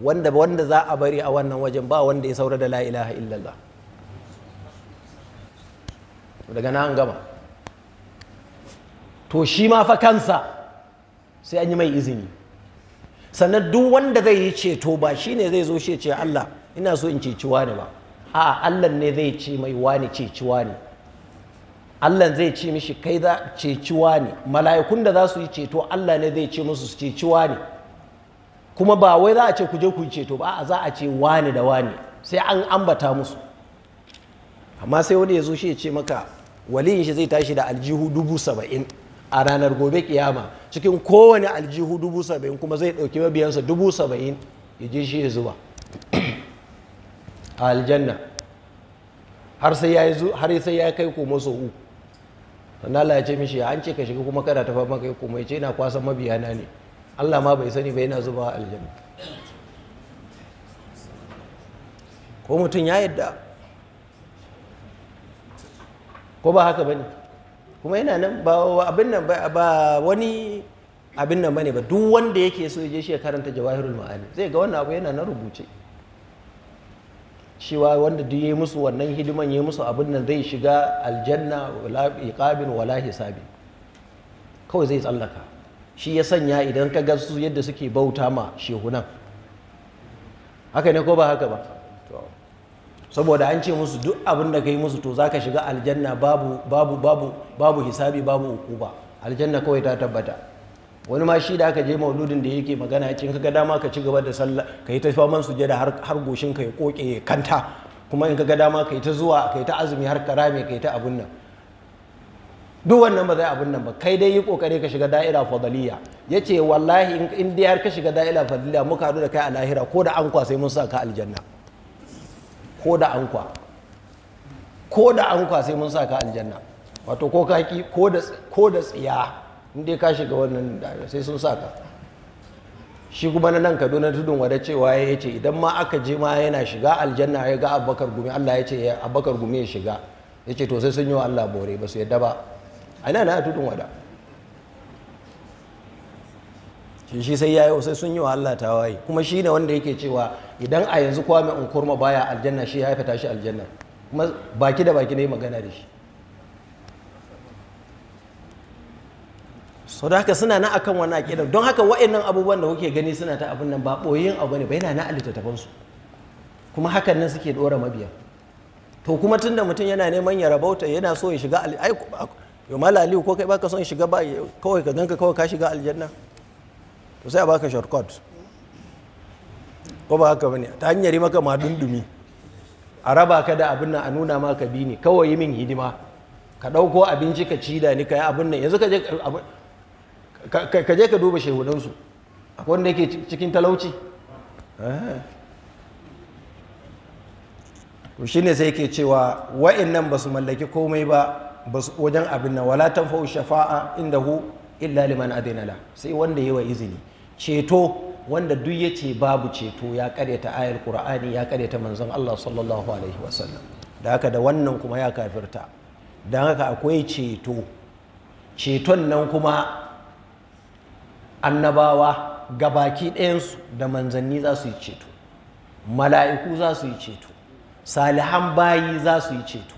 wanda wanda za a bari a wannan wajen ba wanda ya saura da la ilaha illallah daga na an gama to shi ma fa kansa sai an yi mai izini sannan duk wanda zai yi ceto ba shi ne zai zo shi ce Allah ina so in ceci wani ba a Allah ne zai ce mai wani ceci wani Allah zai ce mishi kai za ceciwa ne mala'ikun da za su yi ceto Allah ne zai ce musu ceci ne kuma ba wai za a ce ku je ku yi ceto ba a za a ce wani da wani sai an ambata musu amma sai wani ya zo shi ya ce maka waliyin shi zai tashi da aljihu dubu saba'in a ranar gobe kiyama cikin kowane aljihu dubu saba'in kuma zai ɗauki mabiyansa dubu saba'in ya je shi ya zuba a aljanna har sai ya kai koma sau uku wanda Allah ya ce mishi an ce ka shiga kuma kana ta faman kai kuma ya ce ina kwasan na ne Allah ma bai sani ba yana zuba aljanna ko mutum ya yadda ko ba haka bane kuma yana nan ba abin nan ba wani abin nan bane ba duk wanda yake so ya je shi ya karanta jawahirul ma'ani zai ga wannan abu yana na rubuce cewa wanda duk yi musu wannan hidiman yi musu abin nan zai shiga aljanna wala iqabin wala hisabi kawai zai tsallaka shi ya sanya idan ka ga su yadda suke bauta ma shehunan haka ne ko ba haka ba saboda an ce musu duk abin da ka yi musu to zaka shiga aljanna babu babu babu babu hisabi babu ukuba aljanna kawai ta tabbata wani ma shi da aka je mauludin da yake magana ya ce kaga dama ka ci gaba da sallah ka yi ta faman sujada har har goshin ka ya koke ya kanta kuma in kaga dama ka yi ta zuwa ka yi ta azumi har rame ka yi ta abun nan duk wannan ba zai abun nan ba kai dai yi kokari ka shiga da'ira fadaliya Ya ce wallahi in dai har ka shiga da'ira fadaliya muka haɗu da kai a lahira ko da ankwa sai mun sa ka aljanna ko da ankwa ko da ankwa sai mun sa ka aljanna wato ko ka ki ko da tsiya inda ka shiga wannan dare sai sun sa ka shi kuma na nan kaduna tudun wada cewa ya ce idan ma aka je ma yana shiga aljanna ya ga abubakar gumi allah ya ce abubakar gumi ya shiga ya ce to sai sun yi wa allah bore ba su yadda ba a ina na tudun wada shi shi sai yayi sai sun yi wa allah tawaye kuma shi ne wanda yake cewa idan a yanzu kwame kurma baya aljanna shi ya haifa shi aljanna kuma baki da baki ne magana da shi sau da haka suna nan akan wani aƙidar don haka wa'annan abubuwan da kuke gani suna ta abin nan ba ɓoyin abu ne ba yana na littattafansu kuma hakan nan suke ɗora mabiya to kuma tun da mutum yana neman ya rabauta yana so ya shiga ai ma laliyu ko kai baka son shiga ba kawai ka ganka kawai ka shiga aljanna to sai a baka shortcut ko ba haka bane ta hanyar yi maka ma dundumi a raba ka da abin nan a nuna maka bi ne kawai yi min hidima ka ɗauko abinci ka ci da ni ka yi abin nan yanzu ka je ka je ka duba shehunansu akwai wanda yake cikin talauci eh. to ne sai ke cewa nan ba su mallaki komai ba wajen abin nan wala fa'u shafa'a hu illa liman adinala sai wanda yi wa izini ceto wanda duk ya ce babu ceto ya karyata ayar qur'ani ya karyata manzon Allah sallallahu alaihi wasallam da haka da wannan kuma ya kafirta Da haka akwai ceto ceton nan kuma annabawa ga baki ɗayansu da manzanni za su yi ceto mala'iku za su yi ceto salihan bayi za su yi ceto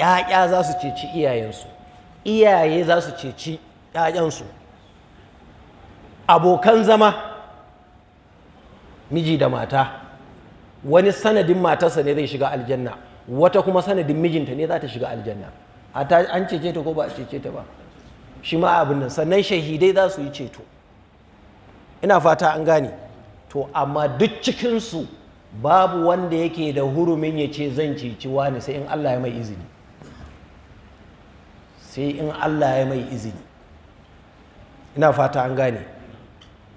‘ya'ya za su ceci iyayensu iyaye za su ceci ‘ya'yansu abokan zama miji da mata wani sanadin matarsa ne zai shiga aljanna wata kuma sanadin mijinta ne za ta shiga aljanna an cece ta ko ba a cece ta ba shi ma abin nan sannan shahidai za su yi ceto ina fata an gane to amma duk cikinsu babu wanda yake da hurumin ya ce zan ceci wani sai in Allah ya mai izini sai in Allah ya mai izini ina fata an gane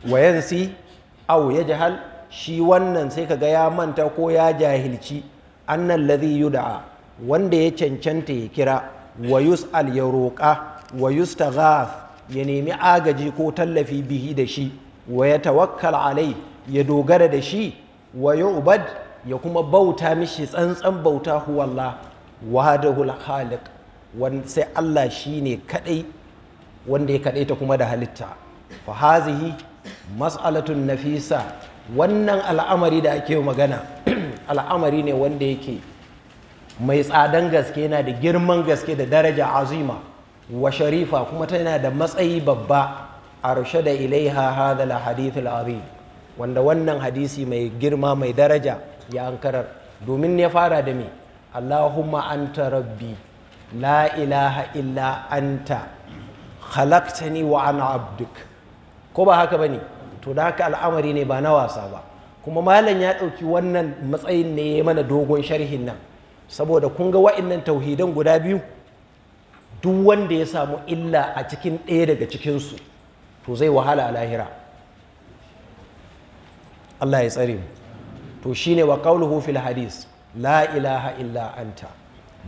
wayansi au ya jahal shi wannan sai kaga ya manta ko ya jahilci annan ladhi yud'a wanda ya cancanta ya kira wayus yus'al ya roƙa wa yustaghath ya nemi agaji ko tallafi bihi da shi wa ya tawakkal alai ya dogara da shi wa ya ubad ya kuma bauta mishi tsantsan bauta huwallah wahadahul khaliq sai Allah shine kadai wanda ya kadai ta kuma da halitta fa hazihi mas'alatun nafisa wannan al'amari da ake magana al'amari ne wanda yake mai tsadan gaske yana da girman gaske da daraja azima wa sharifa kuma tana da matsayi babba arshada ilaiha hadha al-hadith al wanda wannan hadisi mai girma mai daraja ya ankarar domin ya fara da me Allahumma anta rabbi la ilaha illa anta khalaqtani wa ana abduk ko ba haka bane to da haka al'amari ne ba na wasa ba kuma malam ya ɗauki wannan matsayin ne ya mana dogon sharhin nan saboda kun ga wa'annan tauhidan guda biyu duk wanda ya samu illa a cikin ɗaya daga cikinsu to zai wahala a lahira Allah ya tsare mu to shine wa qawluhu fil hadis la ilaha illa anta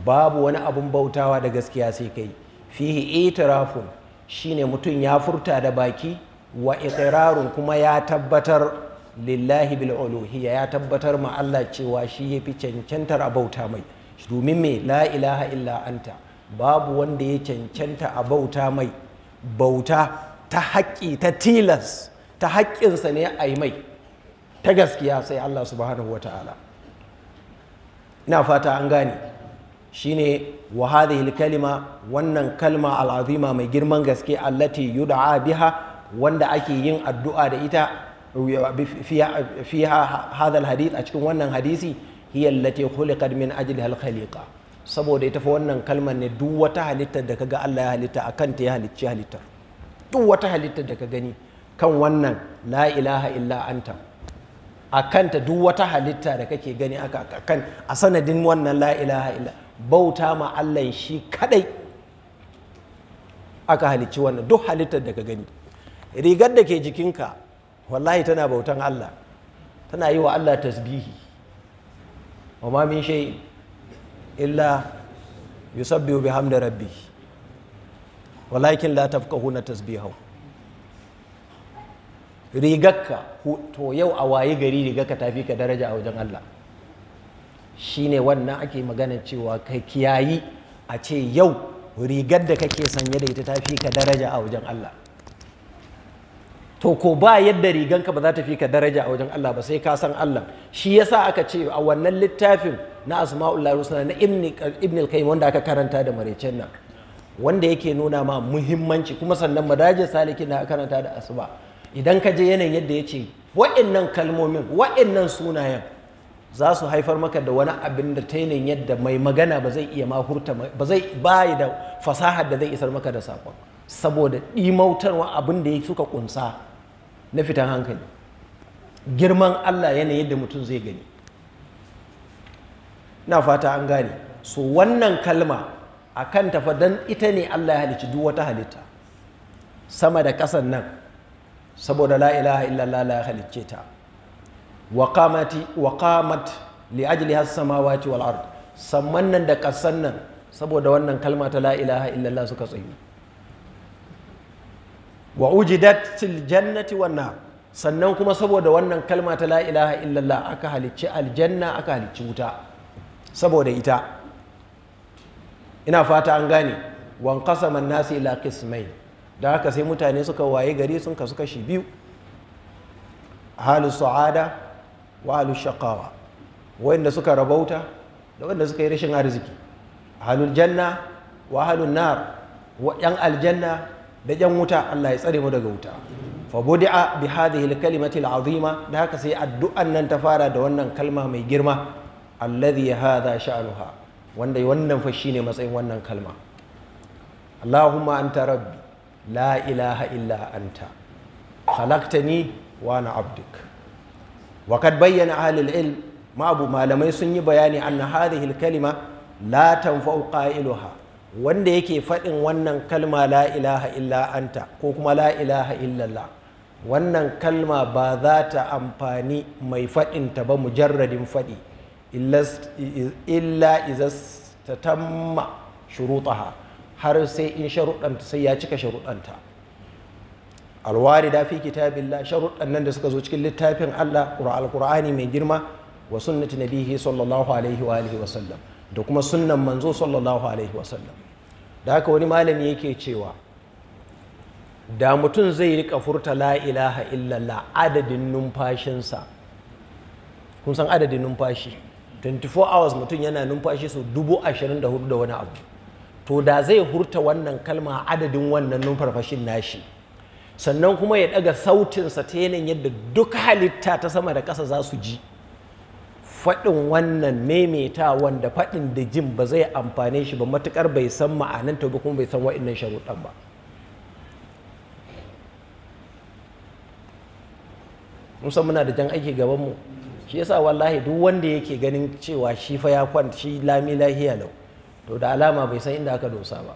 babu wani abin bautawa da gaskiya sai kai fihi itirafun ne mutum ya furta da baki wa ikirarun kuma ya tabbatar lillahi bil uluhiyya ya tabbatar ma Allah cewa shi ya fi cancantar a bauta mai domin me la ilaha illa anta babu wanda ya cancanta a bauta mai bauta ta haƙƙi ta tilas ta haƙƙinsa ne a yi mai ta gaskiya sai Allah subhanahu wa ta'ala ina fata an gane shine wa kalima wannan kalma al'azima mai girman gaske allati yud'a biha wanda ake yin addu'a da ita fiha hadal hadith a cikin wannan hadisi hiya allati khuliqat min ajliha al-khaliqa saboda ita fa wannan kalmar ne duk wata halittar da kaga Allah ya halitta akan ta ya halicci halittar duk wata halitta da ka gani kan wannan la ilaha illa anta a kanta duk wata halitta da kake gani aka kan a sanadin wannan la ilaha illa bauta ma Allah shi kadai aka halicci wannan duk halittar da ka gani rigar da ke jikinka wallahi tana bautan Allah tana yi wa Allah tasbihi wa ma min shay illa yusabbihu bihamdi rabbih walakin la tafqahuna tasbihahu rigarka to yau a wayi gari rigarka tafi ka daraja a wajen Allah shine wannan ake magana cewa ka kiyayi a ce yau rigar da kake sanye da ita tafi ka daraja a wajen Allah to ko ba yadda riganka ba za ta fi ka daraja a wajen Allah ba sai ka san Allah shi yasa aka ce a wannan littafin na asma'ul husna na ibn al-qayyim wanda aka karanta da maraicen nan wanda yake nuna ma muhimmanci kuma sannan madajin salikin na karanta da asuba idan ka je yanayin yadda ya ce wa'annan kalmomin nan sunayen za su haifar maka da wani abin da ta yanayin yadda mai magana ba zai iya mahurta ba zai bayi da fasahar da zai isar maka da saƙon saboda ɗimautarwa abin da ya suka ƙunsa na fitan hankali girman allah yanayin yadda mutum zai gani na fata an gane so wannan kalma a kan tafa don ita ne Allah ya halicci duk wata halitta sama da ƙasan nan saboda la ilaha illallah la ya halicce ta wa qamat li ajli has samawati wal samman nan da ƙasan nan saboda wannan kalma ta la ilaha illallah suka tsayu wa ujidat til jannati wannan sannan kuma saboda wannan kalma ta la ilaha illallah aka halicci aljanna aka halicci wuta saboda ita ina fata an gane wan kasa an ila kismai da haka sai mutane suka waye gari sun kasu kashi biyu halu sa'ada wa halu shakawa wanda suka rabauta da wanda suka yi rashin arziki halu janna wa halu nar wa yan aljanna da yan wuta Allah ya tsare mu daga wuta fa budi'a bi hadhihi al-kalimati al-azima da haka sai addu'an nan ta fara da wannan kalma mai girma alladhi hadha sha'nuha wanda wannan fa shine matsayin wannan kalma Allahumma anta rabbi la ilaha illa anta khalaqtani wa ana abduk wa kad bayyana ahlul ilm ma abu malamai sun yi bayani anna hadhihi kalima la tanfa'u qailuha wanda yake faɗin wannan kalma la ilaha illa anta ko kuma la ilaha illallah wannan kalma ba za ta amfani mai faɗinta ba mujarradin faɗi illa iza ta tamma shurutaha har sai in sharuɗanta sai ya cika sharuɗanta alwari da fi kitabillah sharuɗan nan da suka zo cikin littafin Allah alqur'ani mai girma wa sunnati nabihi sallallahu alaihi wa alihi wa sallam da kuma sunnan manzo sallallahu alaihi wa sallam da haka wani malami yake cewa da mutum zai rika furta la ilaha illallah adadin numfashinsa kun san adadin numfashi 24 hours mutum yana numfashi su dubu ashirin da hudu da wani abu to da zai hurta wannan kalma adadin wannan numfarfashin nashi sannan kuma ya daga sautinsa ta yanayin yadda duk halitta ta sama da ƙasa za su ji faɗin wannan maimaitawan wanda faɗin da jin ba zai amfane shi ba matuƙar bai san ma'ananta ta kuma bai san wa'innan sharuɗan ba musamman muna da jan aiki mu. shi yasa wallahi duk wanda yake ganin cewa shi fa ya kwanta shi lami lahiya lau to da alama bai san inda aka dosa ba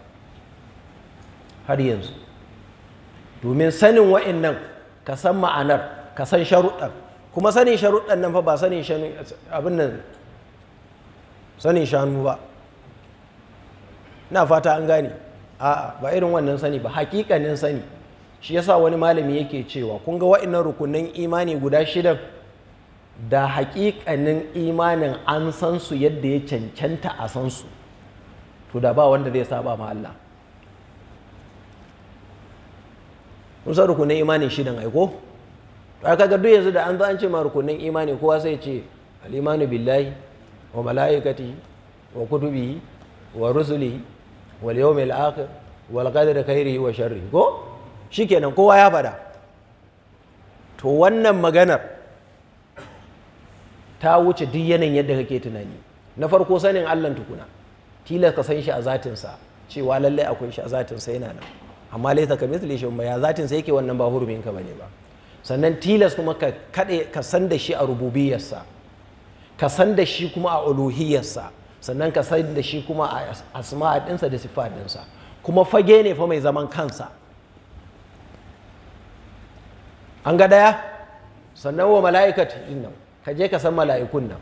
har yanzu domin sanin wa'annan ka san ma'anar ka san sharuɗar kuma sanin sharuɗar nan fa ba sanin abin nan sanin shanu ba na fata an gane a'a ba irin wannan sani ba hakikanin sani shi yasa wani malami yake cewa kun ga wa'annan rukunin imani guda shidan da hakikanin imanin an san su yadda ya cancanta a san su to da ba wanda zai saba ma Allah mun san rukunin imanin shidan aiko to aka ga duk yanzu da an zo an ce ma rukunin imani kowa sai ce al-imanu billahi wa malaikati wa kutubi wa rusuli wal yawmil akhir wal qadri khairihi wa sharrihi ko shikenan kowa ya fada to wannan maganar ta wuce duk yanayin yadda kake tunani na farko sanin Allah tukuna tilas ka san shi a zatinsa cewa lallai akwai shi a zatinsa yana nan amma laisa ka misli shi ba ya zatinsa yake wannan ba hurumin ka bane ba sannan tilas kuma ka kade ka san da shi a rububiyarsa ka san da shi kuma a uluhiyarsa sannan ka san da shi kuma a asma'a dinsa da sifat kuma fage ne fa mai zaman kansa an ga daya sannan wa mala'ikatu dinnan ka je ka san mala'ikun nan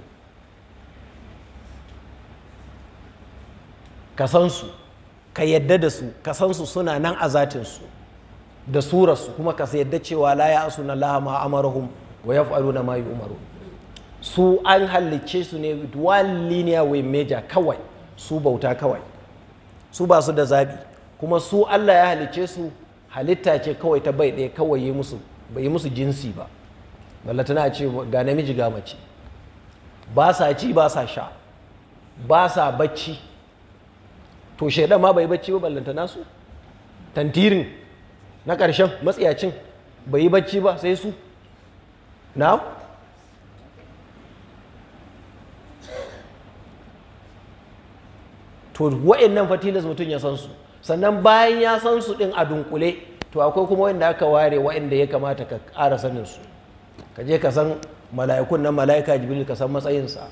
ka san su ka yadda da su ka san su suna nan a zatinsu da surarsu kuma ka yadda cewa la ya asuna laha ma amarahum wa yaf'aluna ma yu'maru su an halicce su ne with one linear way major kawai su bauta kawai su ba su da zabi kuma su Allah ya halicce su halitta ce kawai ta bai ɗaya kawai yi musu bai yi musu jinsi ba ballatana a ce ga namiji ga mace ba sa ci ba sa sha ba sa bacci to shaidan ma bai bacci ba ballanta nasu. tantirin na ƙarshen matsiyacin bai yi bacci ba sai su na to nan fatilas mutum ya san su sannan bayan ya san su ɗin a dunkule to akwai kuma wanda aka ware da ya kamata ka ƙara sanin su ka je ka san mala'ikun nan mala'ika jibril ka san sa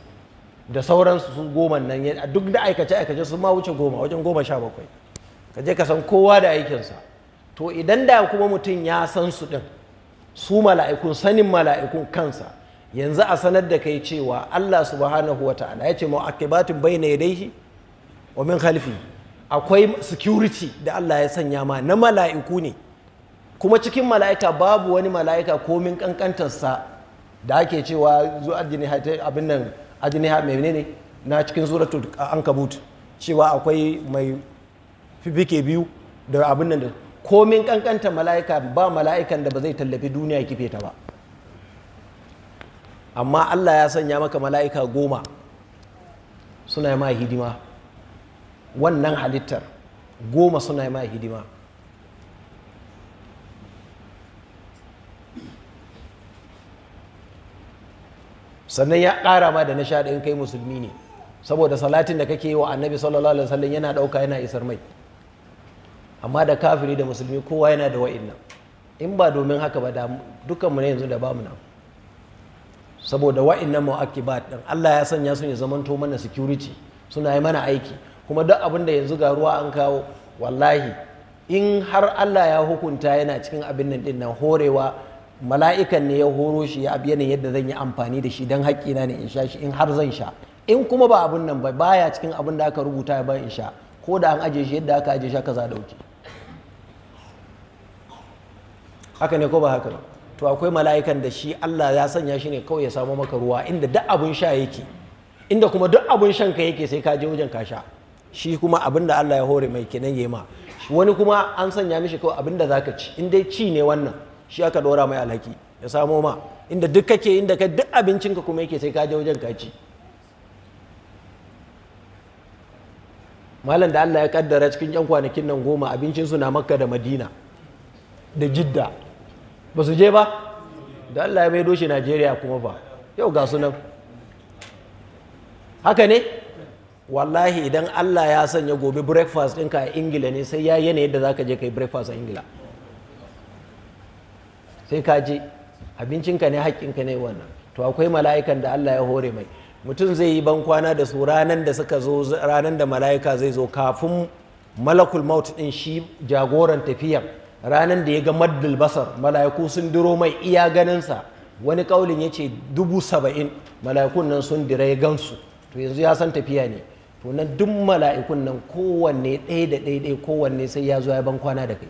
da sauransu su goma nan a duk da aikace aikace sun ma wuce goma wajen goma sha bakwai ka je ka san kowa da sa to idan da kuma mutum ya san su din su mala'ikun sanin mala'ikun kansa yanzu a sanar da kai cewa Allah subhanahu wa ta'ala ya ce mu'aqibatun bayna yadayhi wa min khalfi akwai security da Allah ya sanya ma na mala'iku ne kuma cikin mala'ika babu wani mala'ika komin kankantarsa da ake cewa zu ajniha abin nan mai menene na cikin suratul ankabut cewa akwai mai fibike biyu da abin nan da komin kankanta mala'ika ba mala'ikan da ba zai tallafi duniya kife ta ba amma Allah ya sanya maka mala'ika goma suna yi ma hidima wannan halittar goma suna yi ma hidima sannan ya ƙara ma da na sha kai musulmi ne saboda salatin da kake yi wa annabi sallallahu alaihi wasallam yana ɗauka yana isar mai amma da kafiri da musulmi kowa yana da wa'innan in ba domin haka ba da mu ne yanzu da bamu nan saboda wa'innan mu'akibat din Allah ya sanya su ne zamanto mana security suna yi mana aiki kuma duk abin da yanzu ga ruwa an kawo wallahi in har Allah ya hukunta yana cikin abin nan din nan horewa mala'ikan ne ya horo shi ya abi ne yadda zan yi amfani da shi don haƙƙina ne in sha shi in har zan sha in kuma ba abun nan ba baya cikin abin da aka rubuta ya in sha ko da an ajiye shi yadda aka ajiye shi kaza dauke haka ne ko ba haka ba to akwai mala'ikan da shi Allah ya sanya shi ne kawai ya samu maka ruwa inda duk abun sha yake inda kuma duk abun shan ka yake sai ka je wajen ka sha shi kuma abin da Allah ya hore mai kenan yema wani kuma an sanya mishi kawai abin da zaka ci in dai ci ne wannan shi aka dora mai alhaki ya samo ma inda duk kake inda ka duk abincinka kuma yake sai ka je wajen kaci malam da Allah ya kaddara cikin yan kwanakin nan goma abincin su na makka da madina da jidda ba su je ba da Allah ya maido shi najeriya kuma ba yau ga su nan haka ne wallahi idan Allah ya sanya gobe breakfast ɗinka a ingila ne sai ya yanayi da za ka je ka yi breakfast a ingila sai ka je abincinka ne haƙƙinka ne wannan to akwai mala'ikan da Allah ya hore mai mutum zai yi ban kwana da su ranan da suka zo ranan da mala'ika zai zo kafin malakul maut din shi jagoran tafiyan ranan da ya ga maddul basar mala'iku sun diro mai iya ganinsa wani kaulin ya ce dubu saba'in mala'ikun nan sun dira ya gansu to yanzu ya san tafiya ne to nan duk mala'ikun nan kowanne ɗaya da ɗaya kowanne sai ya zo ya ban kwana da kai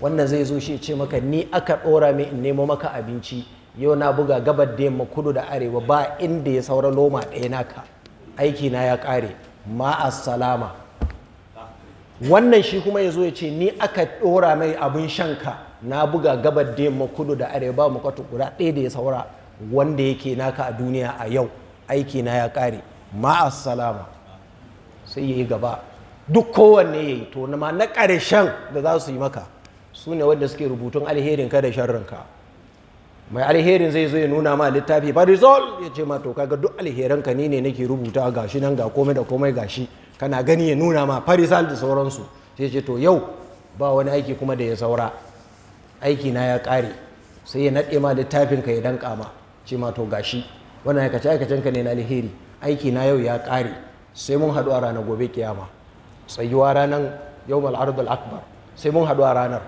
wannan zai zo shi ce maka ni aka ɗora mai in nemo maka abinci yau na buga gabar da yamma kudu da arewa ba inda ya saura loma ɗaya naka aiki na ya ƙare ma salama wannan shi kuma ya zo ya ce ni aka ɗora mai abin shanka na buga gabar da yamma kudu da arewa ba mu kwatu guda ɗaya da ya saura wanda yake naka a duniya a yau aiki na ya ƙare ma salama sai ya yi gaba duk kowanne ya yi to na ƙarshen da za su yi maka su ne wanda suke rubutun alherin ka da sharrinka mai alherin zai zo ya nuna ma littafi ba result ya ce ma to kaga duk alherin ka ni ne nake rubuta gashi nan ga komai da komai gashi kana gani ya nuna ma farisal da sauransu sai ce to yau ba wani aiki kuma da ya saura aiki na ya kare sai ya nade ma littafin ka ya danka ma ce ma gashi wannan aikace aikacen ka ne na alheri aiki na yau ya kare sai mun hadu a ranar gobe kiyama tsayuwa ranar yau mal'ardul akbar sai mun hadu a ranar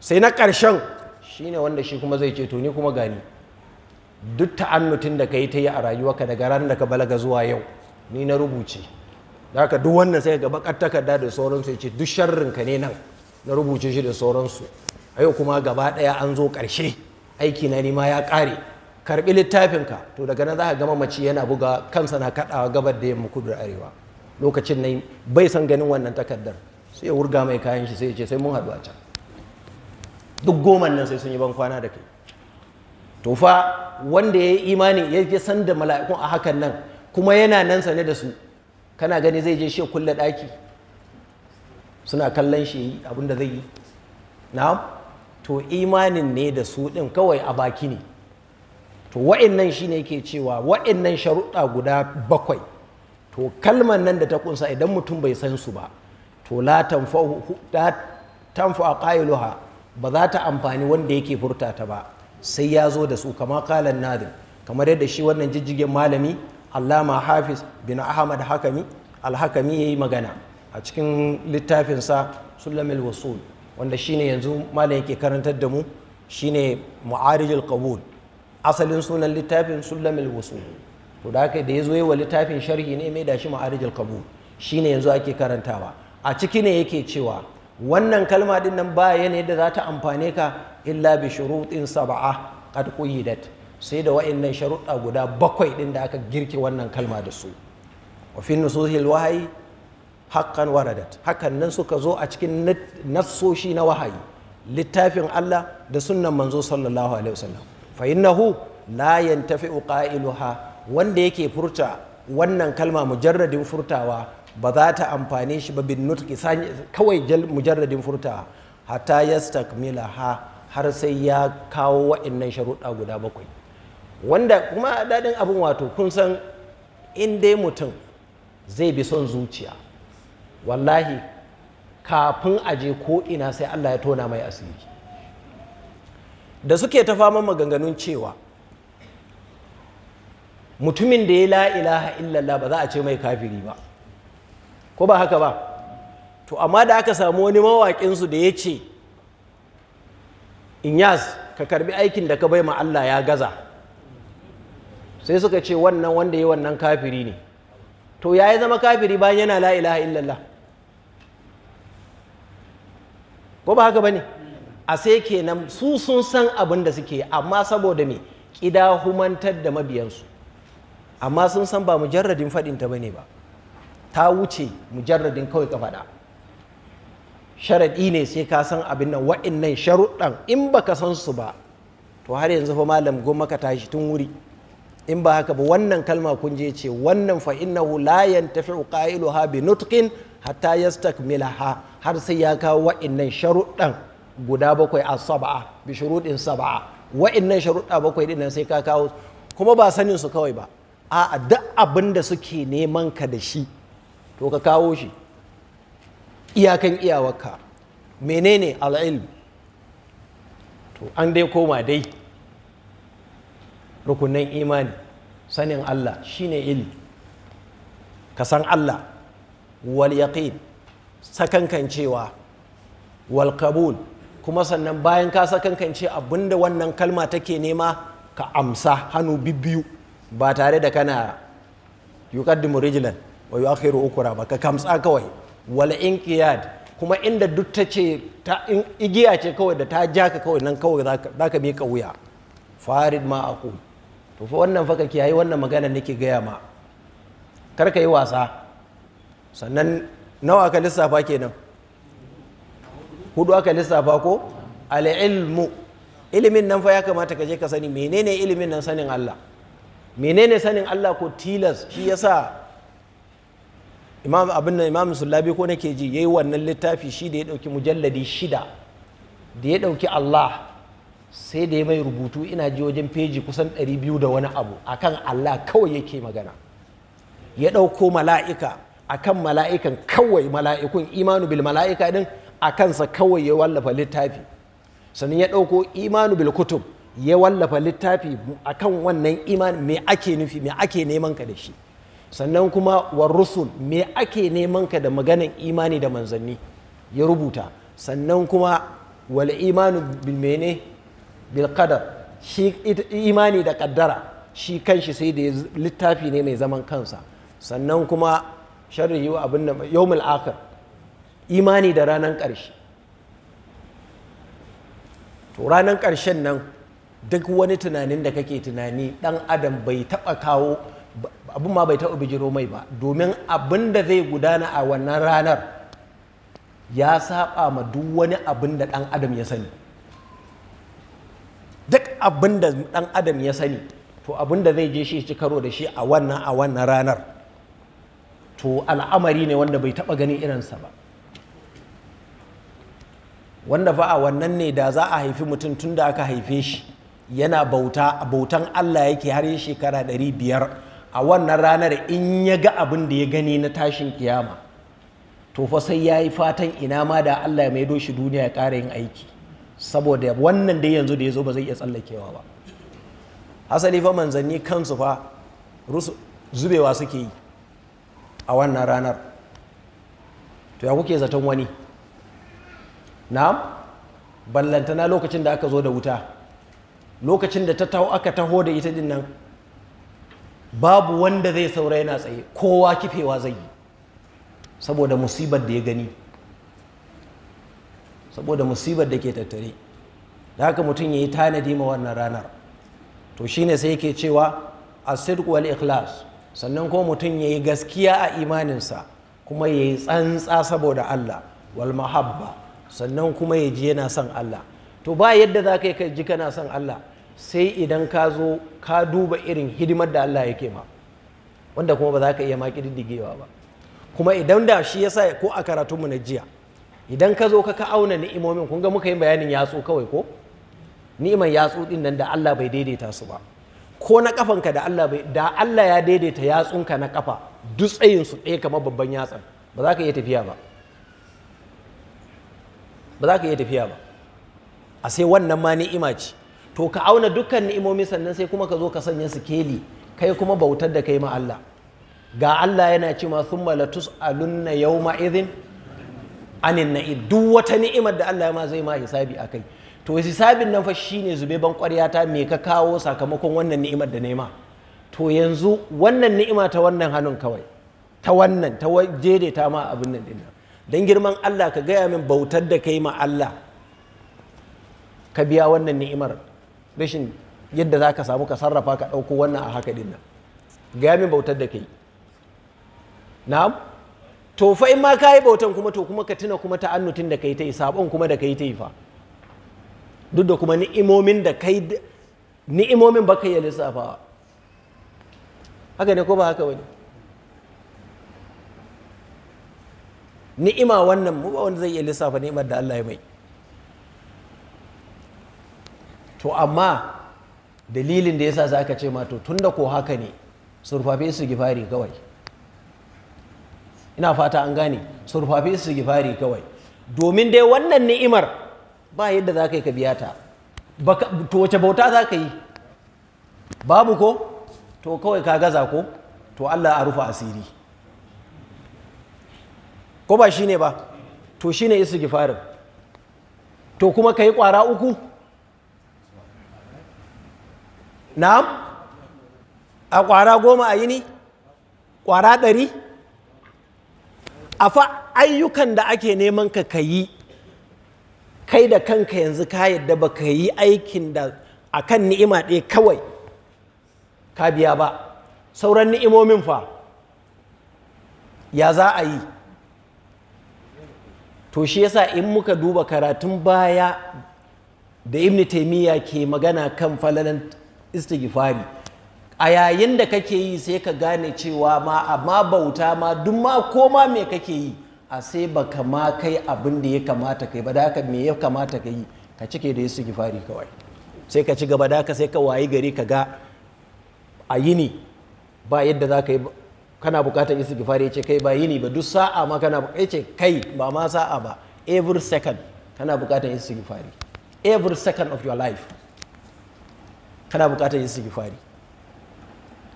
sai na ƙarshen shi ne wanda shi kuma zai ce to ni kuma gani duk ta'annutin da ka yi ta yi a ka daga ranar da ka balaga zuwa yau ni na rubuce da haka duk wannan sai ga bakar takarda da sauransu ya ce duk sharrin ka ne nan na rubuce shi da sauransu a yau kuma gaba ɗaya an zo ƙarshe aiki na nima ya ƙare karɓi littafin ka to daga nan za ka gama mace yana buga kansa na kaɗawa gabar da yamma kudu arewa lokacin na bai san ganin wannan takardar sai ya wurga mai kayan shi sai ya ce sai mun haɗu a can duk goman nan sai sun yi ban kwana da kai to fa wanda ya yi imani ya san da mala'ikun a hakan nan kuma yana nan sane da su kana gani zai je shi kulle daki suna kallon shi abin da zai yi na'am to imanin ne da su din kawai a baki ne to wa'annan shine yake cewa wa'annan sharuɗa guda bakwai to kalmar nan da ta kunsa idan mutum bai san su ba to la tanfa'u qailuha ba za ta amfani wanda yake furta ta ba sai ya zo da su kama kalan nadim kamar yadda shi wannan jijjigen malami allama hafiz bin ahmad hakami alhakami ya yi magana a cikin littafinsa sulamil wasul wanda shine yanzu malam yake karantar da mu shine mu'arijul qabul asalin sunan littafin sulamil wasul to da haka da ya zo wa littafin sharhi ne mai da shi mu'arijul qabul shine yanzu ake karantawa a ciki ne yake cewa wannan kalma din nan ba yanayi da za ta amfane ka illa bi shuruɗin saba'a qad quyidat sai da wa'annan sharuɗa guda bakwai ɗin da aka girki wannan kalma da su wa fi nusuhil wahayi haqqan waradat hakan nan suka zo a cikin nasoshi na wahayi littafin Allah da sunnan manzo sallallahu alaihi wasallam fa innahu la yantafi'u qailuha wanda yake furta wannan kalma mujarradin furtawa ba za ta amfani shi ba bin nutki kawai mujarradin furta hatta yastakmila ha har sai ya kawo wa'annan sharuɗa guda bakwai wanda kuma daɗin abin wato kun san in dai mutum zai bi son zuciya wallahi kafin aje ko ina sai Allah ya tona mai asiri da suke ta fama maganganun cewa mutumin da ya la ilaha illallah ba za a ce mai kafiri ba ko ba haka ba to amma da aka samu wani mawaƙinsu da ya ce inyas ka karbi aikin da ka bai ma Allah ya gaza sai suka ce wannan wanda ya wannan kafiri ne to ya yi zama kafiri bayan yana la ilaha illallah ko ba haka ba ne a sai kenan su sun san abin da suke amma saboda me ƙida humantar da mabiyansu amma sun san ba mujarradin faɗinta ba ne ba ta wuce mujarradin kawai ka faɗa sharaɗi ne sai ka san abin nan wa'innan sharuɗan in ba ka san su ba to har yanzu fa malam goma ka tashi tun wuri in ba haka ba wannan kalma kun je ce wannan fa innahu la yantafi'u qailuha bi nutqin hatta yastakmilaha har sai ya kawo wa'innan sharuɗan guda bakwai a saba'a bi shuruɗin saba'a wa'innan sharuɗa bakwai din nan sai ka kawo kuma ba sanin su kawai ba a'a duk abinda suke neman ka da shi to ka kawo shi iyakan iyawarka menene al'ilm to an dai koma dai rukunan imani sanin Allah shine ilmi ka san Allah wal yaqin sakankancewa wal kabul kuma sannan bayan ka sakankance abinda wannan kalma take nema ka amsa hannu bibbiyu ba tare da kana yuqaddimu rijlan wa yu'akhiru ukura ba ka kamsa kawai wal inqiyad kuma inda duk ta ce ta igiya ce kawai da ta ja ka kawai nan kawai za ka miƙa wuya farid ma aku to fa wannan fa kake yayi wannan magana nake gaya ma kar ka yi wasa sannan nawa ka lissafa kenan hudu aka lissafa ko ilmu ilimin nan fa ya kamata ka je ka sani menene ilimin nan sanin Allah menene sanin Allah ko tilas shi yasa imam abin nan imam sullabi ko nake ji yayi wannan littafi shi da ya dauki mujalladi shida da ya dauki Allah sai da ya mai rubutu ina ji wajen feji kusan 200 da wani abu akan Allah kawai yake magana ya dauko mala'ika akan mala'ikan kawai mala'ikun imanu bil mala'ika din a kansa kawai ya wallafa littafi sannan ya dauko imanu bil kutub ya wallafa littafi akan wannan iman me ake nufi me ake neman ka da shi sannan kuma war me ake neman ka da maganan imani da manzanni ya rubuta sannan kuma wal imanu bil mene bil qadar shi imani da kaddara shi kanshi sai da littafi ne mai zaman kansa sannan kuma sharhi yau abin da yawmul akhir imani da ranan ƙarshe to ranan ƙarshen nan duk wani tunanin da kake tunani dan adam bai taɓa kawo abin ma bai taɓa bijiro mai ba domin abin da zai gudana a wannan ranar ya saba ma duk wani abin da ɗan adam ya sani duk abin da ɗan adam ya sani to abin da zai je shi ci karo da shi a wannan a wannan ranar to al'amari ne wanda bai taɓa ganin irinsa ba wanda fa a wannan ne da za a haifi mutum tun da aka haife shi yana bauta a bautan allah yake har shekara ɗari biyar a wannan ranar in ya ga abin da ya gani na tashin kiyama to fa sai ya yi fatan ina ma da Allah ya maido shi duniya ya ƙara yin aiki saboda wannan dai yanzu da ya zo ba zai iya tsallakewa ba hasali fa manzanni kansu fa zubewa suke yi a wannan ranar to ya kuke zaton wani na'am ballantana lokacin da aka zo da wuta lokacin da ta taho aka taho da ita din babu wanda zai saura yana tsaye kowa kifewa zai yi saboda musibar da ya gani saboda musibar da ke tattare da haka mutum ya yi tanadi ma wannan ranar to shine sai yake cewa a wal ikhlas sannan ko mutum ya yi gaskiya a imaninsa kuma ya yi tsantsa saboda Allah wal mahabba sannan kuma ya ji yana son Allah to ba yadda za ka yi ji kana son Allah sai idan ka zo ka duba irin hidimar da Allah yake ma wanda kuma ba za ka iya ma ƙididdigewa ba kuma idan da shi ya sa ko a karatunmu na jiya idan ka zo ka ka auna ni'imomin kun ga muka yi bayanin yatsu kawai ko ni'iman yatsu din nan da Allah bai daidaita su ba ko na kafanka da Allah bai da Allah ya daidaita yatsun ka na kafa dutsayinsu su ɗaya kamar babban yatsan ba za ka iya tafiya ba ba za ka iya tafiya ba a sai wannan ma ni'ima ce to ka auna dukkan ni'imomi sannan sai kuma ka zo ka sanya su keli kai kuma bautar da kai ma Allah ga Allah yana ce ma thumma latus'alunna yawma idhin anin na'id duk wata ni'imar da Allah ma zai ma hisabi akai to hisabin nan fa shine zube ban ta me ka kawo sakamakon wannan ni'imar da nema to yanzu wannan ni'ima ta wannan hannun kawai ta wannan ta jere ta ma abin nan dinnan don girman Allah ka gaya min bautar da kai ma Allah ka biya wannan ni'imar rashin yadda za ka samu ka sarrafa ka ɗauko wannan a haka dinnan ga min bautar da kai na'am to fa in ma ka yi bautan kuma to kuma ka tuna kuma ta annutin da kai ta yi sabon kuma da kai ta yi fa duk da kuma ni'imomin da kai ni'imomin ba kai ya lissafawa haka ne ko ba haka wani? ni'ima wannan mu ba wanda zai iya lissafa ni'imar da Allah ya mai to amma dalilin da yasa za ka ce ma to tunda ko haka ne surfafe su gifari kawai ina fata an gane surfafe su gifari kawai domin dai wannan ni'imar ba yadda za ka yi ka biya ta to wace bauta za ka yi babu ko to kawai ka gaza ko to Allah a rufa asiri ko ba shine ba to shine gifarin to kuma ka yi kwara uku na'am a ƙwara goma a yini ƙwara ɗari a fa ayyukan da ake neman ka ka yi kai da kanka yanzu ka yadda ba ka yi aikin da a kan ni'ima ɗaya kawai ka biya ba sauran ni'imomin fa ya za a yi to shi yasa in muka duba karatun baya da ibn taimiyya ke magana kan falalan istighfari a yayin da kake yi sai ka gane cewa ma amma bauta ma duk ma koma me kake yi a sai baka ma kai abin da ya kamata kai ba da haka me ya kamata ka yi ka cike da istighfari kawai sai ka ci gaba da haka sai ka wayi gari ka ga a yini ba yadda za ka yi kana bukatar istighfari ya ce kai ba yini ba duk sa'a ma kana ya ce kai ba ma sa'a ba every second kana bukatar istighfari every second of your life kana bukatar buƙatar sigifari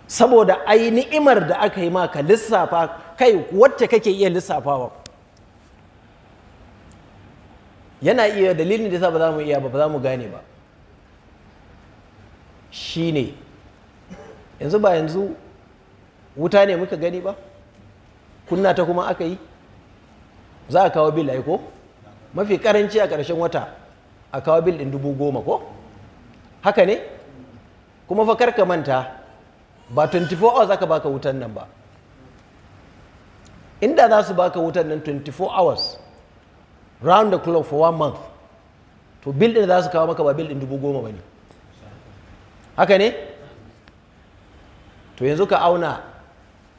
saboda ai ni'imar da aka yi maka lissafa kai wacce kake iya lissafawa yana iya dalilin da ba za mu iya ba ba za mu gane ba Shi ne. yanzu ba yanzu wuta ne muka gani ba kunna ta kuma aka yi za a kawo bil ai ko mafi karanci a ƙarshen wata a kawo bil ɗin dubu goma ko haka ne kuma fa karka manta ba 24 hours aka baka wutan nan ba inda za su baka wutan nan 24 hours round the clock for one month to build din za su kawo maka ba build din dubu goma ba ne haka ne to yanzu ka auna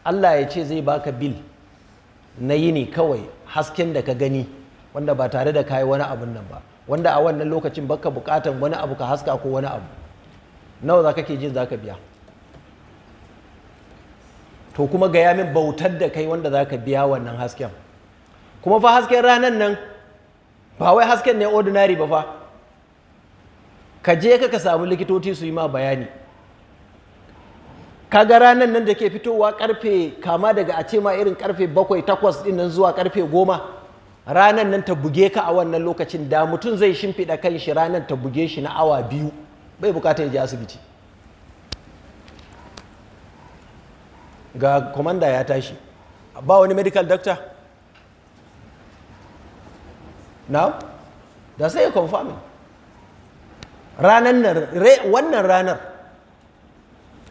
allah ya ce zai baka bill na yini kawai hasken da ka gani wanda ba tare da kayi wani abun nan ba wanda a wannan lokacin baka bukatan wani abu ka haska ko wani abu nawa za kake jin za ka biya to kuma gaya min bautar da kai wanda za ka biya wannan hasken kuma fa hasken ranar nan ba wai hasken ne ordinary ba fa ka je ka samu likitoci su yi ma bayani Ka ga ranar nan da ke fitowa karfe kama daga a ce ma irin karfe bakwai takwas din zuwa karfe goma ranar nan ta buge ka a wannan lokacin da mutum zai shimfiɗa kan shi ranar ta buge shi na awa biyu bai bukata ya je asibiti ga komanda ya tashi ba wani medical doctor now da sai ya confirming ranar nan wannan ranar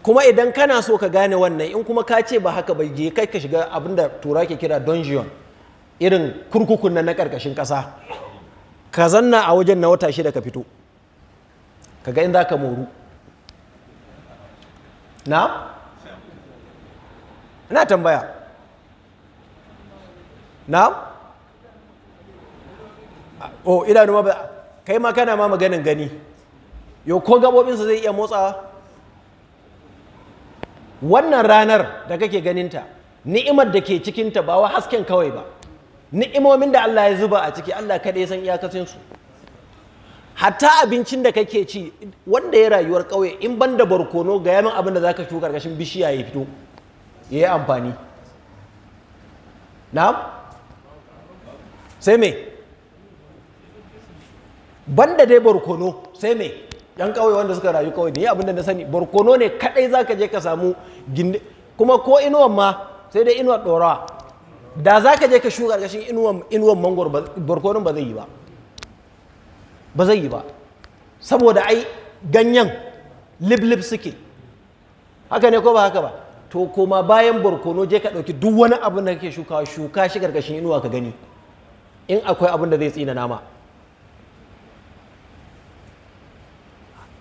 kuma idan kana so ka gane wannan in kuma ka ce ba haka bai je kai ka shiga abinda tura ke kira donjiyon irin kurkukun na karkashin kasa ka zanna a wajen na wata shida ka fito kaga in za ka moru na? na tambaya na? o oh, idanu ma ba kai ma kana ma maganin gani yau ko gabobinsa zai iya motsawa wannan ranar da kake ganinta ni'imar da ke cikinta ba wa hasken kawai ba ni'imomin da Allah ya zuba a ciki Allah kaɗai san iyakacinsu hatta abincin da kake ci wanda ya rayuwar ƙauye in ban da barkono ga yamin abin da za ka shuka ƙarƙashin bishiya ya fito ya yi amfani na sai me ban da dai barkono sai me yan ƙauye wanda suka rayu ƙauye ne abin da na sani barkono ne kaɗai za ka je ka samu gindi kuma ko inuwan ma sai dai inuwar ɗorawa da za ka je ka shuka ƙarƙashin inuwan mangwar barkonon ba zai yi ba ba zai yi ba saboda ai ganyen liblib suke haka ne ko ba haka ba to koma bayan barkono je ka ɗauki duk wani abin da kake shuka shuka shi karkashin inuwa ka gani in akwai abin da zai tsina nama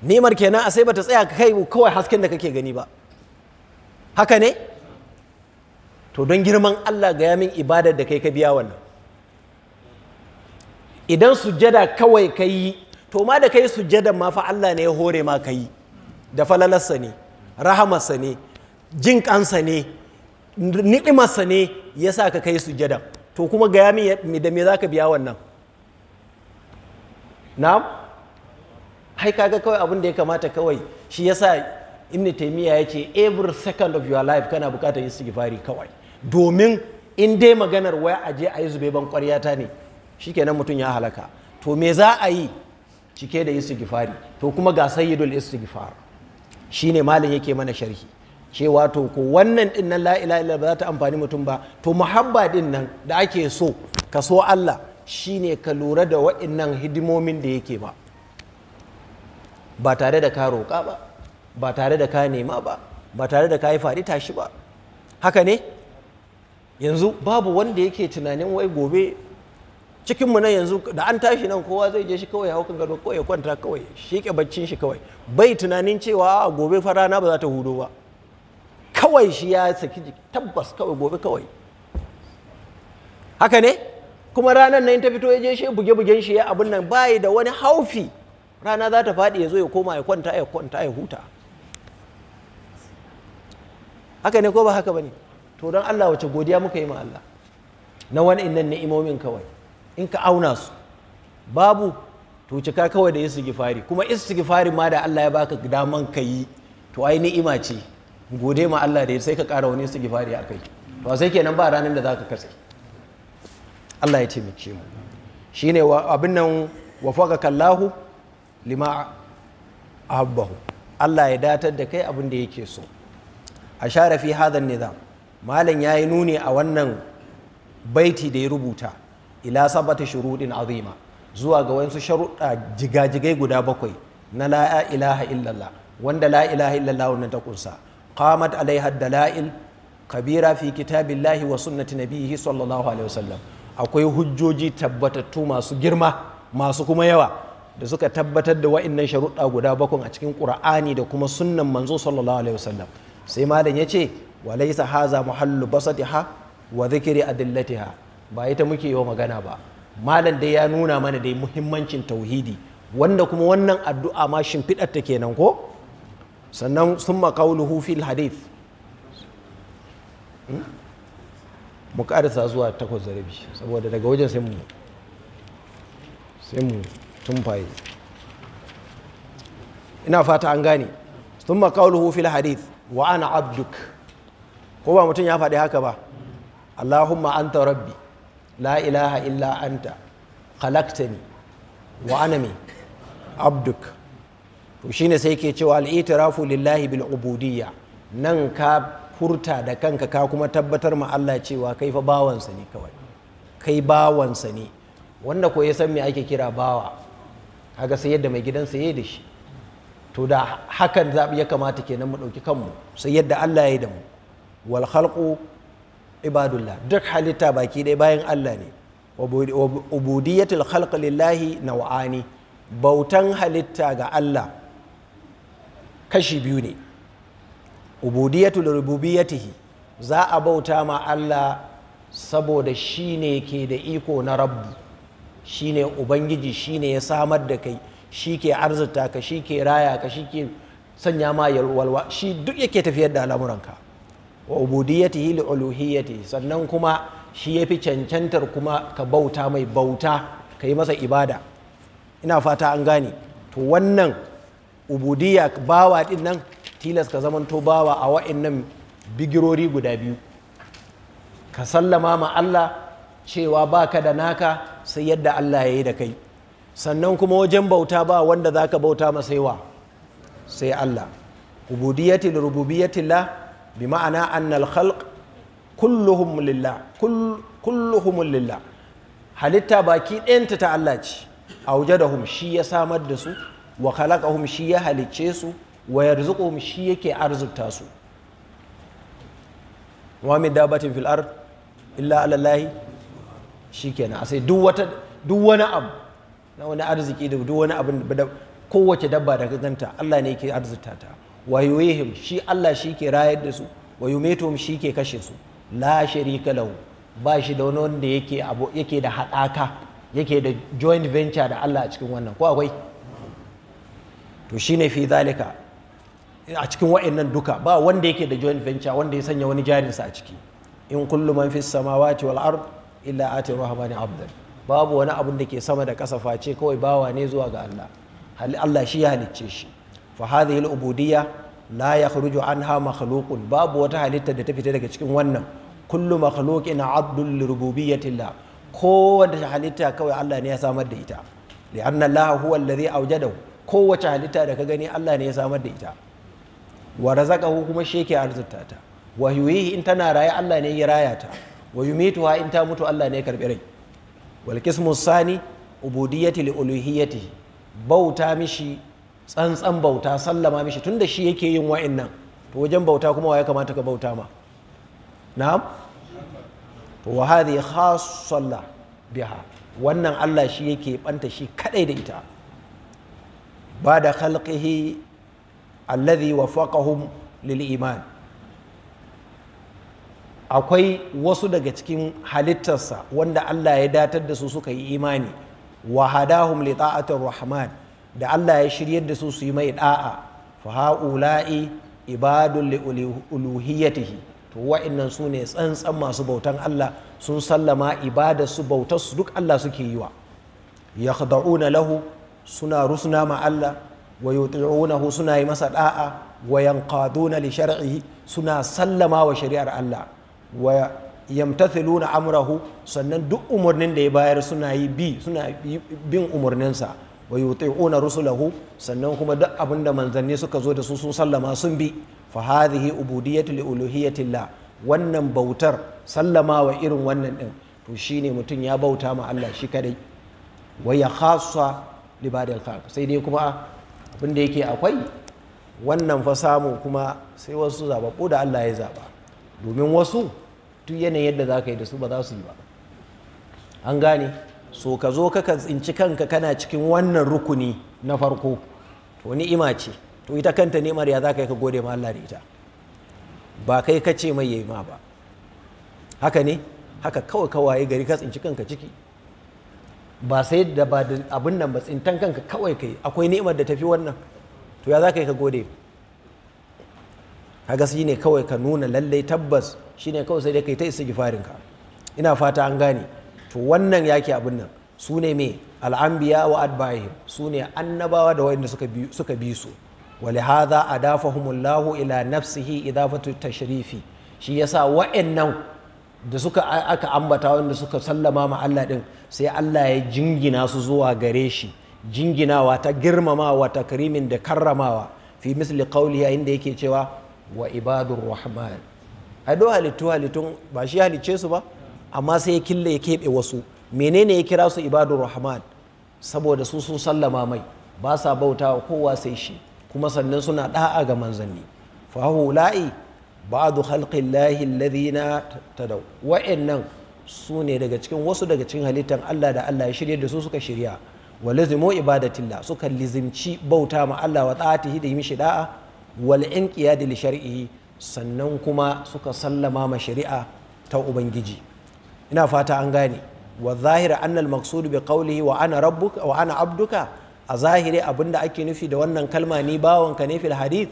nemar kenan a sai bata tsaya ka kai kawai hasken da kake gani ba haka ne to don girman Allah ga yamin ibadar da kai ka biya wannan idan sujada kawai ka yi to ma da kai sujadan ma fa Allah ne ya hore ma ka yi da falalarsa ne rahamarsa ne jin kansa ne ni'imarsa ne ya sa ka kai sujadan. to kuma ga mi da me za ka biya wannan na'am hai kaga kawai abin da ya kamata kawai shi yasa ibn taymiya ya ce every second of your life kana bukatar istighfari kawai domin in dai maganar waya aje a yi zube ban ƙwarya ta ne shikenan mutum ya halaka to me za a yi cike da istighfari to kuma ga sayyidul istighfar shine malam yake mana sharhi cewa to ko wannan din nan la ilaha illa ba za ta amfani mutum ba to muhabba din nan da ake so ka so Allah shine ka lura da waɗannan hidimomin da yake ba ba tare da ka roƙa ba ba tare da ka nema ba ba tare da ka yi faɗi tashi ba haka ne yanzu babu wanda yake tunanin wai gobe cikinmu na yanzu da an tashi nan kowa zai je shi kawai hau kan gado kawai ya kwanta kawai shi ke baccin shi kawai bai tunanin cewa a ah, gobe fa rana ba za ta hudo ba kawai shi ya saki jiki tabbas kawai gobe kawai haka ne kuma ranar nan ta fito ya je shi buge-bugen shi ya abin nan bai da wani haufi rana za ta faɗi ya zo ya koma ya kwanta ya kwanta ya huta haka ne ko ba haka ba ne to don Allah wace godiya muka yi ma Allah na wani innan ni'imomin kawai in ka auna su babu to cika kawai da istighfari kuma istighfari ma da Allah ya baka daman ka yi to ai ni'ima ce gode ma Allah da sai ka ƙara wani istighfari a kai to sai kenan ba ranar da zaka kasa Allah ya taimake mu shine wa abin nan wa faqaka lima ahabbahu Allah ya datar da kai abin da yake so a share fi hadan nizam malam yayi nuni a wannan baiti da ya rubuta ila sabata shuruɗin azima zuwa ga wayansu sharuɗa jigajigai guda bakwai na la ilaha illallah wanda la ilaha illallah wannan ta kunsa qamat alaiha dalail kabira fi kitabillahi wa sunnati nabihi sallallahu alaihi wasallam akwai hujjoji tabbatattu masu girma masu kuma yawa da suka tabbatar da wa'annan sharuɗa guda bakwai a cikin qur'ani da kuma sunnan manzo sallallahu alaihi wasallam sai malam yace wa laysa haza muhallu basatiha wa dhikri adillatiha ba ita muke yi wa magana ba malam dai ya nuna mana dai muhimmancin tauhidi wanda kuma wannan addu'a ma shimfiɗar ta kenan ko sannan sun makauluhu fil hadith hmm? mu karisa zuwa takwas da rabi saboda daga wajen sai mu sai tumfaye ina fata an gane sun makauluhu fil hadith wa ana abduk ko ba mutum ya faɗi haka ba allahumma anta rabbi la ilaha illa anta khalaqtani wa abduk to shine sai ke cewa al-itirafu lillahi bil ubudiyya nan ka furta da kanka ka kuma tabbatar ma Allah cewa kai fa bawansa ne kawai kai bawansa ne wanda san me ake kira bawa kaga sai yadda mai gidansa yayi da shi to da hakan zabi ya kamata nan mu ɗauki kanmu sai yadda Allah ya yi da mu wal ibadullah duk halitta baki ɗaya bayan Allah ne ubudiyatul khalq lillahi naw'ani bautan halitta ga Allah kashi biyu ne ubudiyatul rububiyyatihi za a bauta ma Allah saboda shi ne ke da iko na rabbu shi ne ubangiji shi ne ya samar da kai shi ke arzuta ka shi ke raya ka shi ke sanya ma yalwalwa shi duk yake tafiyar da al'amuranka wa ubudiyyatihi li uluhiyyati sannan kuma shi yafi cancantar kuma ka bauta mai bauta ka yi masa ibada ina fata an gane to wannan ubudiyya bawa din nan tilas ka zamanto bawa a wa'annan bigirori guda biyu ka sallama ma Allah cewa baka da naka sai yadda Allah ya yi da kai sannan kuma wajen bauta ba wanda za ka bauta masaiwa sai Allah ubudiyyati li la. bi ma'ana annal khalq kulluhum lillah kulluhum lillah halitta baki ɗayanta ta Allah ce da shi ya samar da su wa khalaqahum ya halicce su wa yarzuquhum shi yake arzuta su wa min illa Allah shikenan sai duk wata duk abu kowace dabba da ganta Allah ne yake arzuta ta wayoyihim shi Allah shi ke rayar da su wayo yumituhum shi ke kashe su la sharika lahu ba shi da wani wanda yake abu yake da haɗaka yake da joint venture da Allah a cikin wannan ko akwai to shine fi zalika a cikin wa'annan duka ba wanda yake da joint venture wanda ya sanya wani jarin sa a ciki in kullu man fis samawati wal ard illa ati rahmani abdan babu wani abun da ke sama da kasa face kawai bawa ne zuwa ga Allah Allah shi ya halicce shi fa ubudiya al-ubudiyya la yakhruju anha makhluqun babu wata halitta da ta fita daga cikin wannan kullu makhluqin abdul lirububiyyatillah kowace halitta kawai Allah ne ya samar da ita li'anna Allah huwa alladhi kowace halitta da ka gani Allah ne ya samar da ita wa razaqahu kuma shi yake wa yuhihi in tana raye Allah ne ya raya ta wa yumituha in ta mutu Allah ne ya karbi rai wal qismu sani ubudiyyati li uluhiyyatihi bauta mishi tsantsan bauta sallama mishi da shi yake yin wa'in nan to wajen bauta kuma wa ya kamata ka bauta ma na'am wa hadhihi khassalla biha wannan Allah shi yake banta shi kadai da ita ba da khalqihi alladhi wafaqahum lil iman akwai wasu daga cikin halittarsa wanda Allah ya datar da su suka yi imani wa hadahum li ta'atir rahman da Allah ya shiryar da su su yi mai da'a fa haula'i ibadul li uluhiyatihi to wa'annan su ne tsantsan masu bautan Allah sun sallama ibada su bautar su duk Allah suke yi wa yakhda'una lahu suna rusna ma Allah wa yuti'unahu suna yi masa da'a wa yanqaduna li shar'ihi suna sallama wa shari'ar Allah wa yamtathiluna amrahu sannan duk umarnin da ya bayar suna yi bi suna bin umarninsa wa yuti'una rusulahu sannan kuma duk abin da manzanni suka zo da su sun sallama sun bi fa hadhihi ubudiyyatu li wannan bautar sallama wa irin wannan din to shine mutum ya bauta ma Allah shi kadai Wai ya khassa li badal khalq sai dai kuma abin da yake akwai wannan fa samu kuma sai wasu zababbu da Allah ya zaba domin wasu duk yanayin yadda za ka yi da su ba za su yi ba an gane so ka zo ka tsinci kanka kana cikin wannan rukuni na farko to ni'ima ce to ita kanta ne ya za ka yi ka gode ma Allah da ita ba kai ka ce mai yayi ma ba haka ne haka kawai kawai gari ka tsinci kanka ciki ba sai da ba da abin nan ba tsintan kanka kawai kai akwai ni'imar da tafi wannan to ya za ka yi ka gode kaga shi ne kawai ka nuna lallai tabbas shine kawai sai dai kai ta isa ka ina fata an gane to wannan yake abin nan su ne me al'ambiya wa adbaihim su ne annabawa da wanda suka bi su wale a dafa humullahu ila nafsihi إضافة التشريف shi yasa wa'annan da suka aka ambata wanda suka sallama ma Allah din sai Allah ya jingina su zuwa gare shi jinginawa ta girmamawa ta karimin da karramawa fi misli qawli inda yake cewa wa ibadur rahman A do halittu halittun ba shi halicce su ba amma sai ya kille ya keɓe wasu menene ya kira su ibadun rahman saboda su sun sallama mai ba sa bauta wa kowa sai shi kuma sannan suna ɗa'a ga manzanni fahu la'i ba lahi ladina ta dau. wa'annan su ne daga cikin wasu daga cikin halittar Allah da Allah ya shirya da su suka shirya wa lazimu ibadatillah suka lizimci bauta ma Allah wa ta'atihi hida yi da'a wal inqiyadi li shar'ihi sannan kuma suka sallama ma shari'a ta ubangiji ina fata an gane wa zahira annal maqsud bi qawlihi wa ana rabbuka wa ana abduka a zahiri abinda ake nufi da wannan kalma ni bawanka ne fil hadith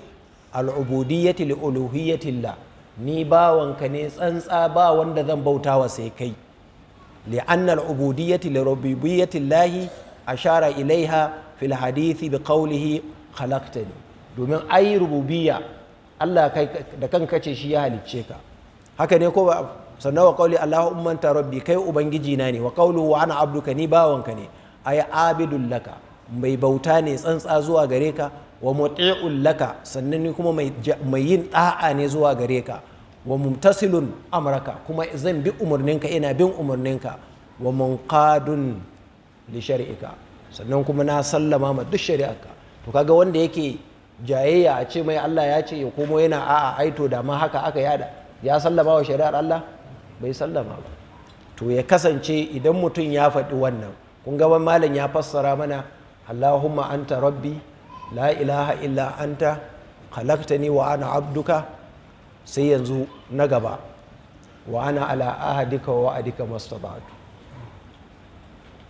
al ubudiyyati li uluhiyyatillah ni bawanka ne tsantsa ba wanda zan bauta wa sai kai li anna al ubudiyyati li rububiyyatillahi ashara ilaiha fil hadithi bi qawlihi khalaqtani domin ai rububiyya Allah kai da kanka ce shi ya halicce ka haka ne ko ba sannan wa qawli allahumma anta rabbi kai ubangiji na ne wa wa ana abduka ni bawanka ne ay abidul laka mai bauta ne tsantsa zuwa gare ka wa muti'ul laka sannan ni kuma mai yin da'a ne zuwa gare ka wa mumtasilun amraka kuma zan bi umarninka ina bin umarninka wa munqadun li shari'ika sannan kuma na sallama ma duk shari'arka to kaga wanda yake jayayya a ce mai Allah ya ce ya komo yana a'a aito da ma haka aka yada ya sallama wa shari'ar Allah bai sallama ba to ya kasance idan mutum ya faɗi wannan kun ga malam ya fassara mana allahumma anta rabbi la ilaha illa anta khalaqtani wa ana abduka sai yanzu na gaba wa ana ala ahadika wa wa'adika mastata'tu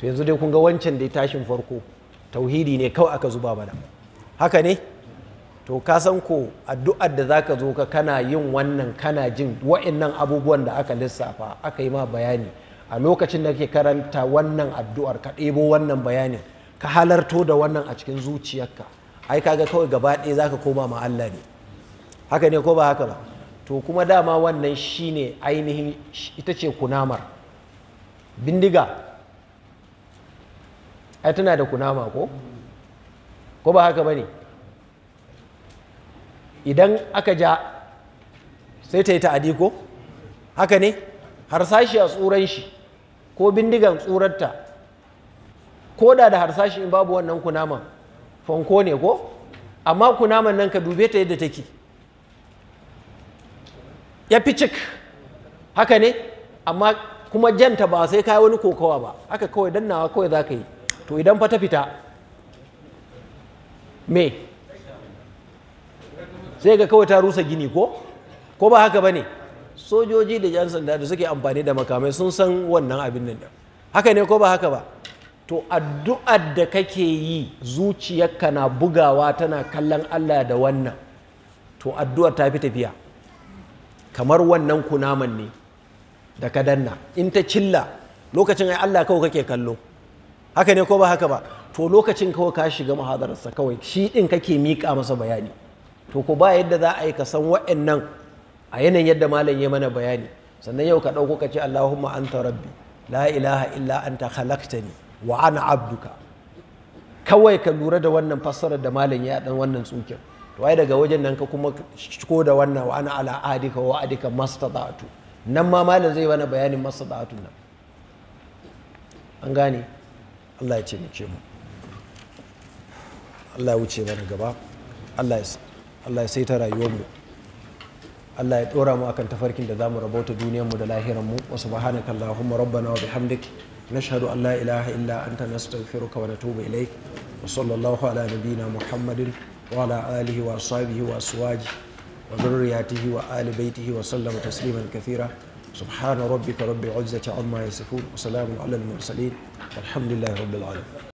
to yanzu dai kun ga wancan da tashin farko tauhidi ne kawai aka zuba mana haka ne to ka san ko addu'ar da zaka zo ka kana yin wannan kana jin wa'annan abubuwan da aka lissafa aka yi ma bayani a lokacin da ke karanta wannan addu'ar ka ɗebo wannan bayanin ka halarto da wannan a cikin zuciyarka ai kaga kawai gaba ɗaya zaka koma ma Allah ne haka ne ko ba haka ba to kuma dama wannan shine ainihin ita ce kunamar bindiga ai tana da kunama ko ko ba haka ba ne idan aka ja sai ta yi ta'adi ko haka ne harsashi a tsuran shi ko bindigan tsurarta ko da da harsashi in babu wannan kunama fanko ne ko amma kunaman nan ka dube ta yadda take ya fi cik haka ne amma kuma janta ba sai kayi wani kokawa ba haka kawai dannawa kawai za ka yi to idan fa ta fita me sai ga kawai ta rusa gini ko ko ba haka ba ne sojoji da yan sanda da suke amfani da makamai sun san wannan abin nan haka ne ko ba haka ba to addu'ar da kake yi zuciyarka na bugawa tana kallon Allah da wannan to addu'ar ta fi tafiya kamar wannan kunaman ne da ka danna in ta cilla lokacin ai Allah kawai kake kallo haka ne ko ba haka ba to lokacin kawai ka shiga mahadararsa kawai shi din kake miƙa masa bayani to ko ba yadda za a yi ka san wa'annan a yanayin yadda malam ya mana bayani sannan yau ka ɗauko ka ce Allahumma anta rabbi la ilaha illa anta khalaqtani wa ana abduka kawai ka lura da wannan fassarar da malam ya dan wannan tsukin to ai daga wajen nan ka kuma shiko da wannan wa ana ala adika wa adika mastata'tu nan ma malam zai mana bayanin mastata'tu nan an gane Allah ya ce mu Allah ya wuce mana gaba Allah ya Allah ya saita rayuwarmu Allah ya dora mu akan tafarkin da zamu rabauta duniyarmu da lahiranmu wa subhanaka allahumma rabbana wa bihamdik nashhadu an la ilaha illa anta nastaghfiruka wa natubu ilaik wa sallallahu ala nabiyyina muhammadin wa ala alihi wa ashabihi wa aswaji wa dhurriyyatihi wa ali baitihi wa sallama tasliman kathira سبحان ربك رب العزة عما wa وسلام على المرسلين والحمد لله رب العالمين